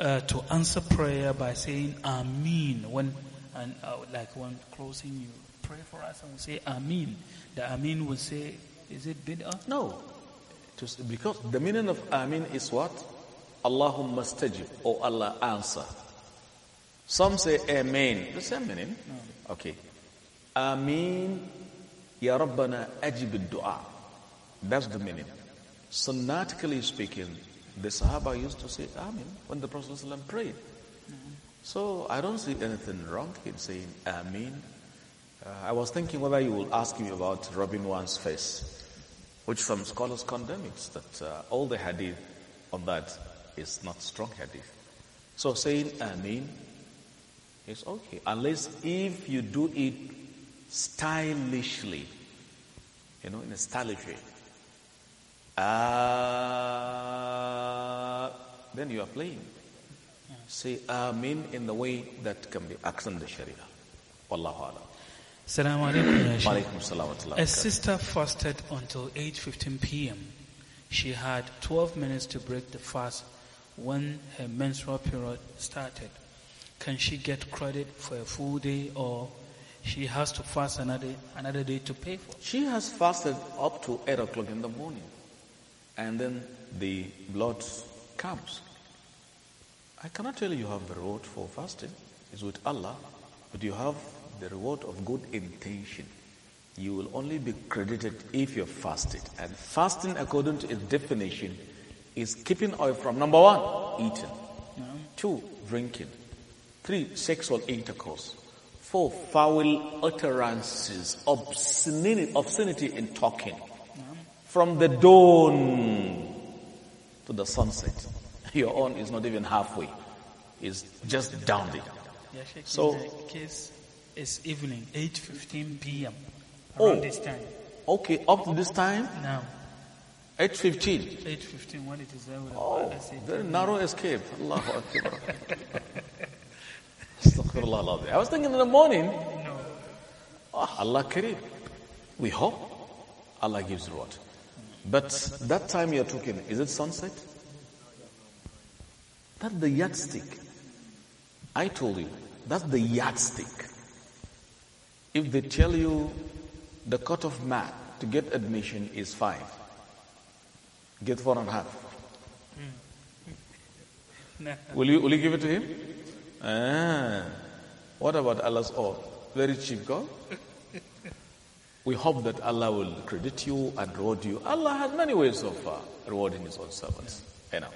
uh, to answer prayer by saying Amin when and uh, like when closing you pray for us and we say Amin. The Amin will say, is it bid'ah? No. because the meaning of Amin is what? Allahumma stajib, or oh Allah answer. Some say Amen. The same meaning. Okay. Amin. Ya Rabbana ajib dua. That's the meaning. Sunnatically speaking, the Sahaba used to say Amin when the Prophet ﷺ prayed. Mm-hmm. So I don't see anything wrong in saying Amin. Uh, I was thinking whether you will ask me about rubbing one's face, which some scholars condemn it, that uh, all the hadith on that is not strong hadith. So saying Amin it's okay. Unless if you do it stylishly, you know, in a stylish way. Uh, ah, then you are playing. Say Amin in the way that can be accent the Sharia. Wallahu alam. Assalamu alaikum. A sister fasted until 8.15 p.m. She had 12 minutes to break the fast when her menstrual period started can she get credit for a full day or she has to fast another, another day to pay for? She has fasted up to 8 o'clock in the morning and then the blood comes. I cannot tell you you have the reward for fasting. It's with Allah. But you have the reward of good intention. You will only be credited if you fasted. And fasting, according to its definition, is keeping away from number one, eating, no. two, drinking, Three, sexual intercourse. Four, foul utterances, obscenity, obscenity in talking. From the dawn to the sunset. Your own is not even halfway. It's just down there. so, the case is evening, 8.15 p.m. Around oh, this time. Okay, up to this time? Now. 8.15? 8.15, when it is there. Oh, very narrow escape. Allahu Akbar. I was thinking in the morning, oh, Allah Kareem. We hope Allah gives reward. But that time you're talking, is it sunset? That's the yardstick. I told you, that's the yardstick. If they tell you the cut of math to get admission is five, get four and a half. Hmm. Will you, will you give it to him? Ah. What about Allah's oath? Very cheap, God. We hope that Allah will credit you and reward you. Allah has many ways of uh, rewarding His own servants. Enough.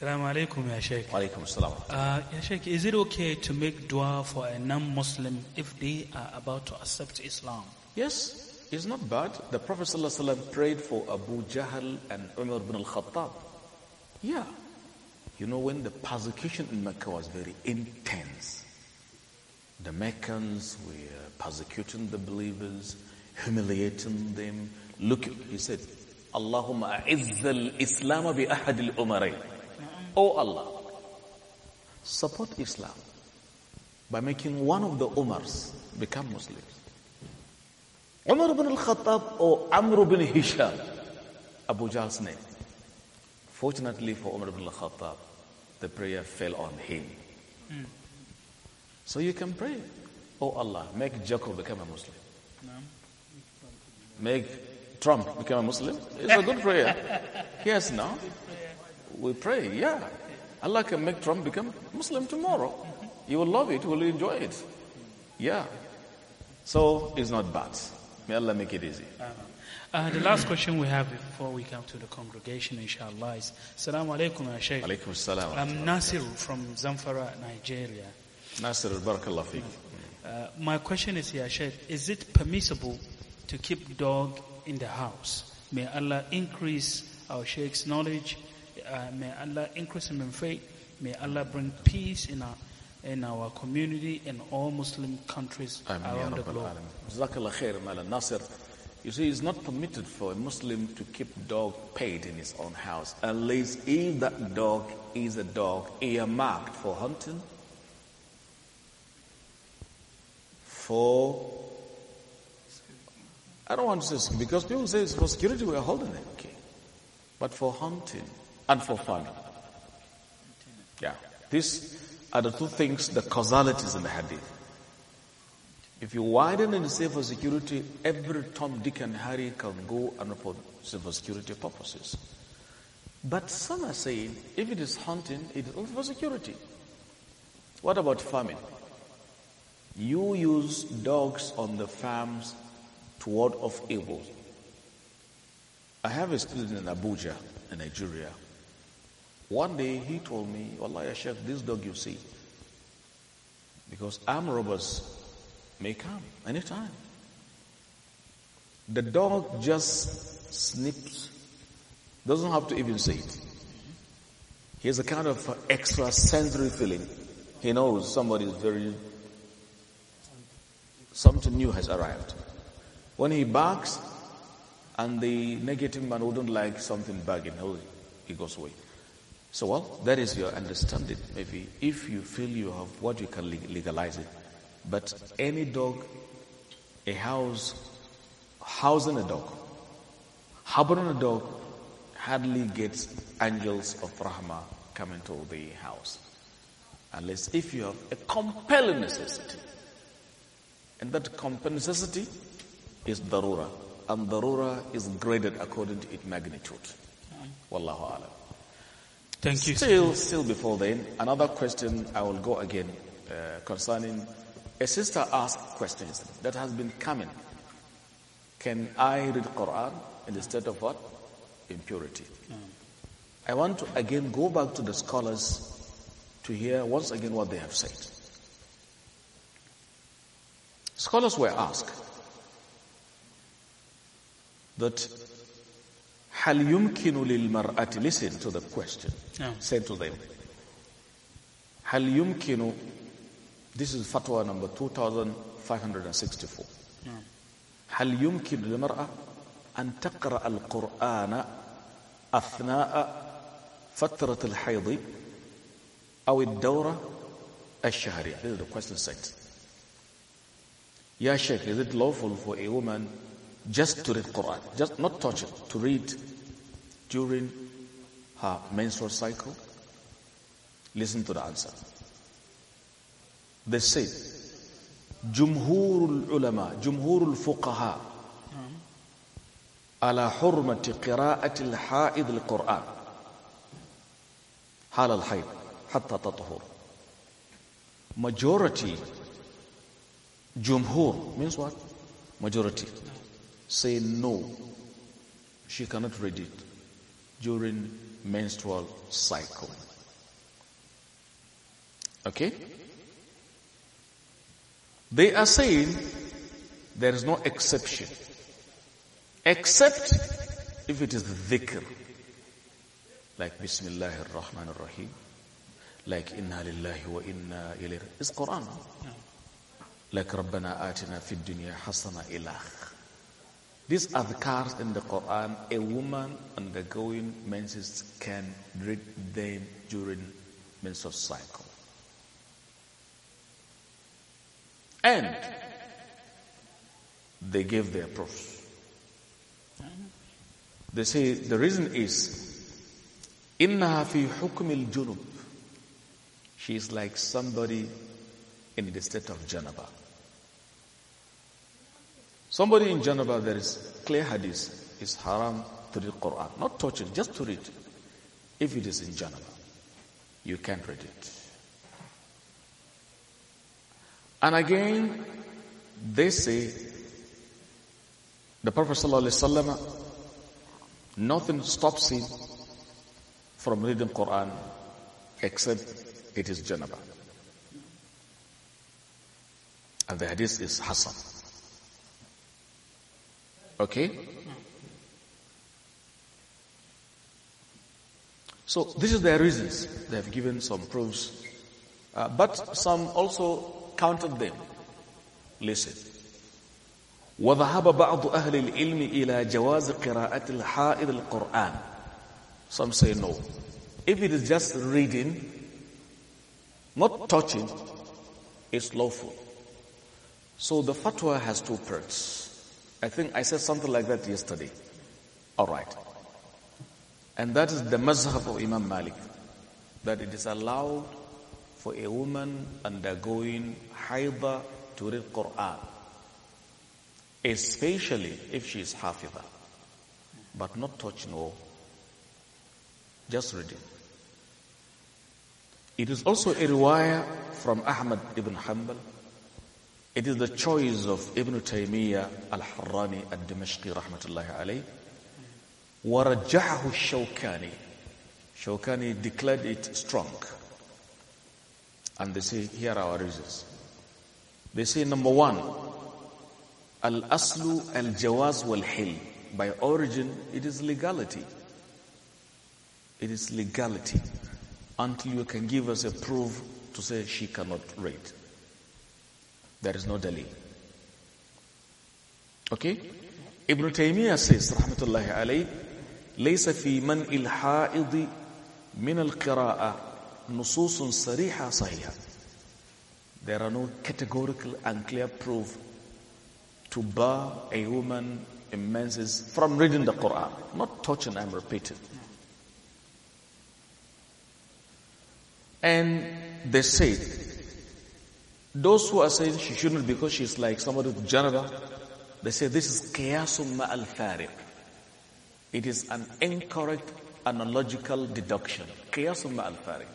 Assalamu alaikum, Ya Sheikh. alaikum assalam. Uh, ya Sheikh, is it okay to make dua for a non-Muslim if they are about to accept Islam? Yes, it's not bad. The Prophet Wasallam prayed for Abu Jahl and Umar ibn al-Khattab. Yeah, you know, when the persecution in Mecca was very intense, the Meccans were persecuting the believers, humiliating them. Look, he said, Allahumma a'izzal Islam bi ahad al Oh Allah, support Islam by making one of the Umars become Muslims. Umar ibn al-Khattab or Amr ibn Hisham, Abu Jahl's name. Fortunately for Umar ibn al-Khattab, the prayer fell on him. Mm. So you can pray, Oh Allah, make Jacob become a Muslim. Make Trump become a Muslim. It's a good prayer. Yes, now we pray, yeah. Allah can make Trump become Muslim tomorrow. You will love it, you will enjoy it. Yeah. So it's not bad. May Allah make it easy. Uh, uh, the last question we have before we come to the congregation, inshallah, is Assalamu alaikum, Shaykh. Alaikum assalam. I'm Nasir from Zamfara, Nigeria. Nasir, barakallah Uh, my question is, Ya Shaykh, is it permissible to keep dog in the house? May Allah increase our Shaykh's knowledge. Uh, may Allah increase him in faith. May Allah bring peace in our in our community and all Muslim countries around the globe. You see, it's not permitted for a Muslim to keep dog paid in his own house unless if that dog is a dog earmarked for hunting, for I don't want to say because people say it's for security we are holding it, okay, but for hunting and for fun. Yeah, this are the two things, the causalities in the hadith. If you widen and the for security, every Tom, Dick and Harry can go and for security purposes. But some are saying, if it is hunting, it is only for security. What about farming? You use dogs on the farms to ward off evil. I have a student in Abuja, in Nigeria, one day he told me, Allah Sheikh, this dog you see, because armed robbers may come anytime. The dog just snips, doesn't have to even say it. He has a kind of extra sensory feeling. He knows somebody is very, something new has arrived. When he barks and the negative man wouldn't like something barking, oh, he goes away. So, well, that is your understanding. Maybe if you feel you have what you can legalize it. But any dog, a house, housing a dog, harboring a dog hardly gets angels of rahma coming to the house. Unless if you have a compelling necessity. And that compelling necessity is darura. And darura is graded according to its magnitude. Mm. Wallahu alam. Thank you. Still, still before then, another question I will go again uh, concerning a sister asked questions that has been coming. Can I read Quran in the state of what? Impurity. Mm. I want to again go back to the scholars to hear once again what they have said. Scholars were asked that Hal yumkinu lil Listen to the question. No. Said to them. Hal yumkinu? This is fatwa number 2564. No. هل يمكن للمرأة أن تقرأ القرآن أثناء فترة الحيض أو الدورة This is the question set. Ya Sheikh, is it lawful for a woman just to read Quran, just not touch it, to read during her menstrual cycle? Listen to the answer. They say, جمهور العلماء جمهور الفقهاء على حرمة قراءة الحائض القرآن حال الحيض حتى تطهر majority jumhur means what majority say no, she cannot read it during menstrual cycle. Okay? They are saying there is no exception. Except if it is dhikr. Like Bismillah ar-Rahman ar-Rahim. Like Inna lillahi wa inna ilayhi. It's Quran. Like Rabbana atina fid dunya hasana ilah. These adhkars in the Quran, a woman undergoing menses can read them during menstrual cycle. And they give their proofs. They say the reason is إنها في حكم الجنوب. She is like somebody in the state of Janaba. Somebody in Janaba, there is clear hadith, it's haram to read Quran. Not it, just to read. If it is in Janaba, you can't read it. And again, they say, the Prophet ﷺ, nothing stops him from reading Quran except it is Janaba. And the hadith is Hassan. Okay? So this is their reasons. They have given some proofs. Uh, but some also countered them. Listen. وذهب بعض أهل العلم إلى جواز قراءة الحائض القرآن. Some say no. If it is just reading, not touching, it's lawful. So the fatwa has two parts. I think I said something like that yesterday. All right. And that is the mazhab of Imam Malik, that it is allowed for a woman undergoing haida to read Quran, especially if she is hafidah, but not touch no, just read it. It is also a riwayah from Ahmad ibn Hanbal it is the choice of Ibn Taymiyyah al-Harrani al-Dimashqi rahmatullahi alayhi. وَرَجَّحَهُ الشَّوْكَانِ Shawkani declared it strong. And they say, here are our reasons. They say, number one, Al-Aslu al-Jawaz wal-Hil. By origin, it is legality. It is legality. Until you can give us a proof to say she cannot read. There is no delay. Okay? Ibn Taymiyyah says, Rahmatullahi alayh, ليس في من الحائض من القراءة نصوص صريحة صحيحة. There are no categorical and clear proof to bar a woman in from reading the Quran. Not touching, I'm repeating. And they said, those who are saying she shouldn't because she's like somebody with janaba, they say this is qiyasumma al farid. It is an incorrect analogical deduction. Qiyasumma al farid.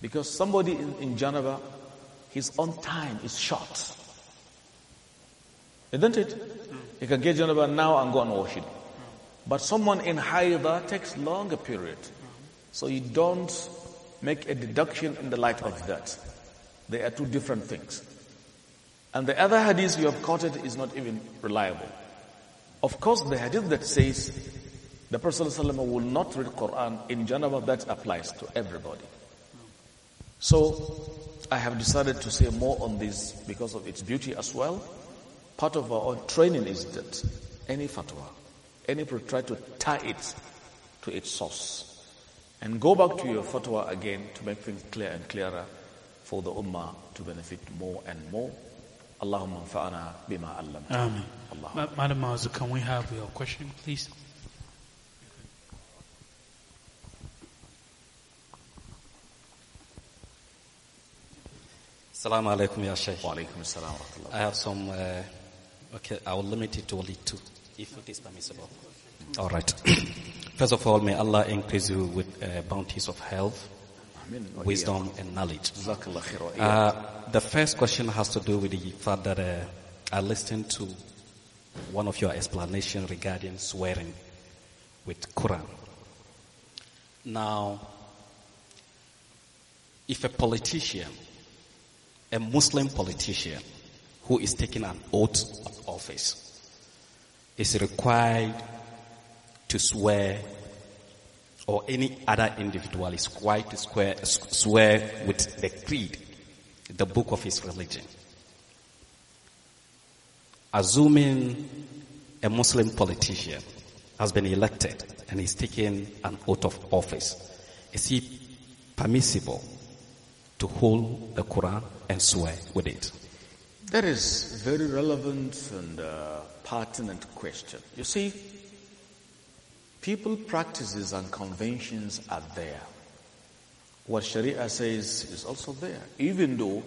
Because somebody in, in janaba, his own time is short. Isn't it? He can get janaba now and go and wash it. But someone in haida takes longer period. So you don't make a deduction in the light of that. They are two different things. And the other hadith you have quoted is not even reliable. Of course, the hadith that says the Prophet ﷺ will not read Quran in Janaba, that applies to everybody. So, I have decided to say more on this because of its beauty as well. Part of our training is that any fatwa, any try to tie it to its source. And go back to your fatwa again to make things clear and clearer for the ummah to benefit more and more. Allahumma anfa'ana bima allam. Amen. Ma- Madam Mazu, can we have your question, please? Assalamu alaikum, Ya Shaykh. Wa alaikum assalam wa I have some, uh, okay, I will limit it to only two, if it is permissible. All right. First of all, may Allah increase you with uh, bounties of health wisdom and knowledge. Uh, the first question has to do with the fact that uh, I listened to one of your explanation regarding swearing with Quran. Now, if a politician, a Muslim politician who is taking an oath of office is required to swear or any other individual is quite square, swear with the creed, the book of his religion. Assuming a Muslim politician has been elected and is taking an oath of office, is it permissible to hold the Quran and swear with it? That is very relevant and uh, pertinent question. You see, People practices and conventions are there. What Sharia says is also there, even though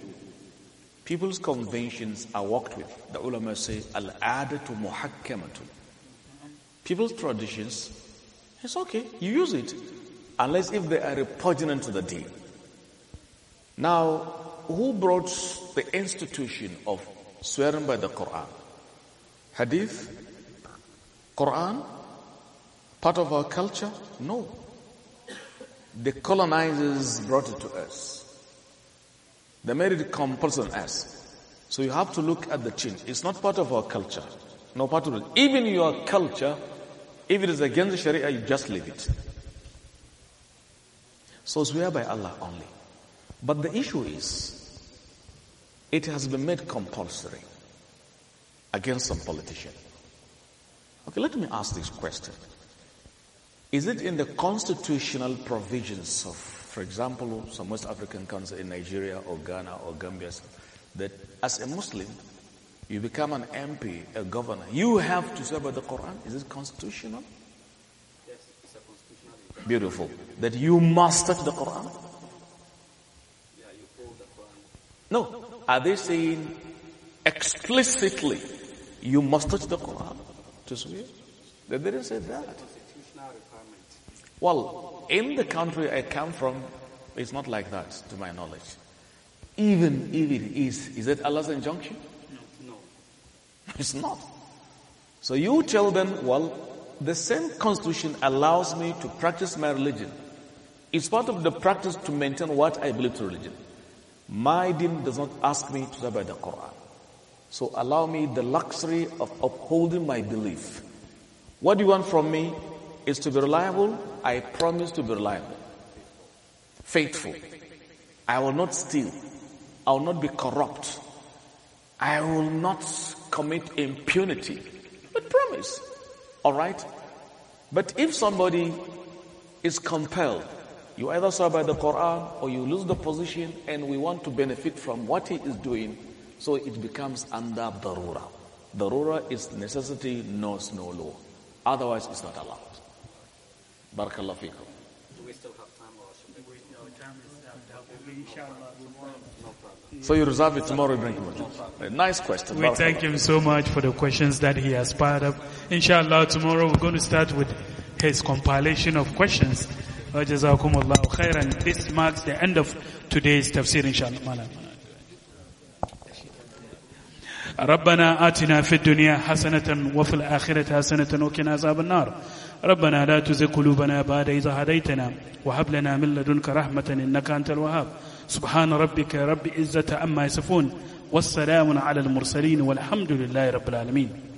people's conventions are worked with. The ulama say, al-adatu muhakkamatu. People's traditions, it's okay, you use it, unless if they are repugnant to the deen. Now, who brought the institution of swearing by the Quran? Hadith? Quran? part of our culture? No. The colonizers brought it to us. They made it compulsory on us. So you have to look at the chin. It's not part of our culture. No part of it. Even your culture, if it is against the Sharia, you just leave it. So swear by Allah only. But the issue is, it has been made compulsory against some politician. Okay, let me ask this question. Is it in the constitutional provisions of, for example, some West African countries in Nigeria or Ghana or Gambia, that as a Muslim, you become an MP, a governor, you have to serve the Quran? Is it constitutional? Yes, it's a constitutional. Beautiful. That you must touch the Quran? Yeah, you follow the Quran. No. no. Are they saying explicitly you must touch the Quran to swear? They didn't say that. Well, in the country I come from, it's not like that, to my knowledge. Even if it is, is that Allah's injunction? No, no. It's not. So you tell them, well, the same constitution allows me to practice my religion. It's part of the practice to maintain what I believe to religion. My deen does not ask me to obey the Quran. So allow me the luxury of upholding my belief. What do you want from me? is to be reliable, I promise to be reliable. Faithful. I will not steal. I will not be corrupt. I will not commit impunity. But promise. All right? But if somebody is compelled, you either saw by the Quran or you lose the position and we want to benefit from what he is doing, so it becomes under darura. Darura is necessity, knows no law. Otherwise, it's not allowed. Do we still have time uh, So you reserve it tomorrow, you bring it. Nice question. We thank him so much for the questions that he has piled up. Inshallah, tomorrow we're going to start with his compilation of questions. This marks the end of today's tafsir, inshallah. ربنا آتنا في الدنيا حسنة وفي الآخرة حسنة عذاب النار ربنا لا تزغ قلوبنا بعد إذ هديتنا وهب لنا من لدنك رحمة إنك أنت الوهاب سبحان ربك رب عزة عما يصفون والسلام على المرسلين والحمد لله رب العالمين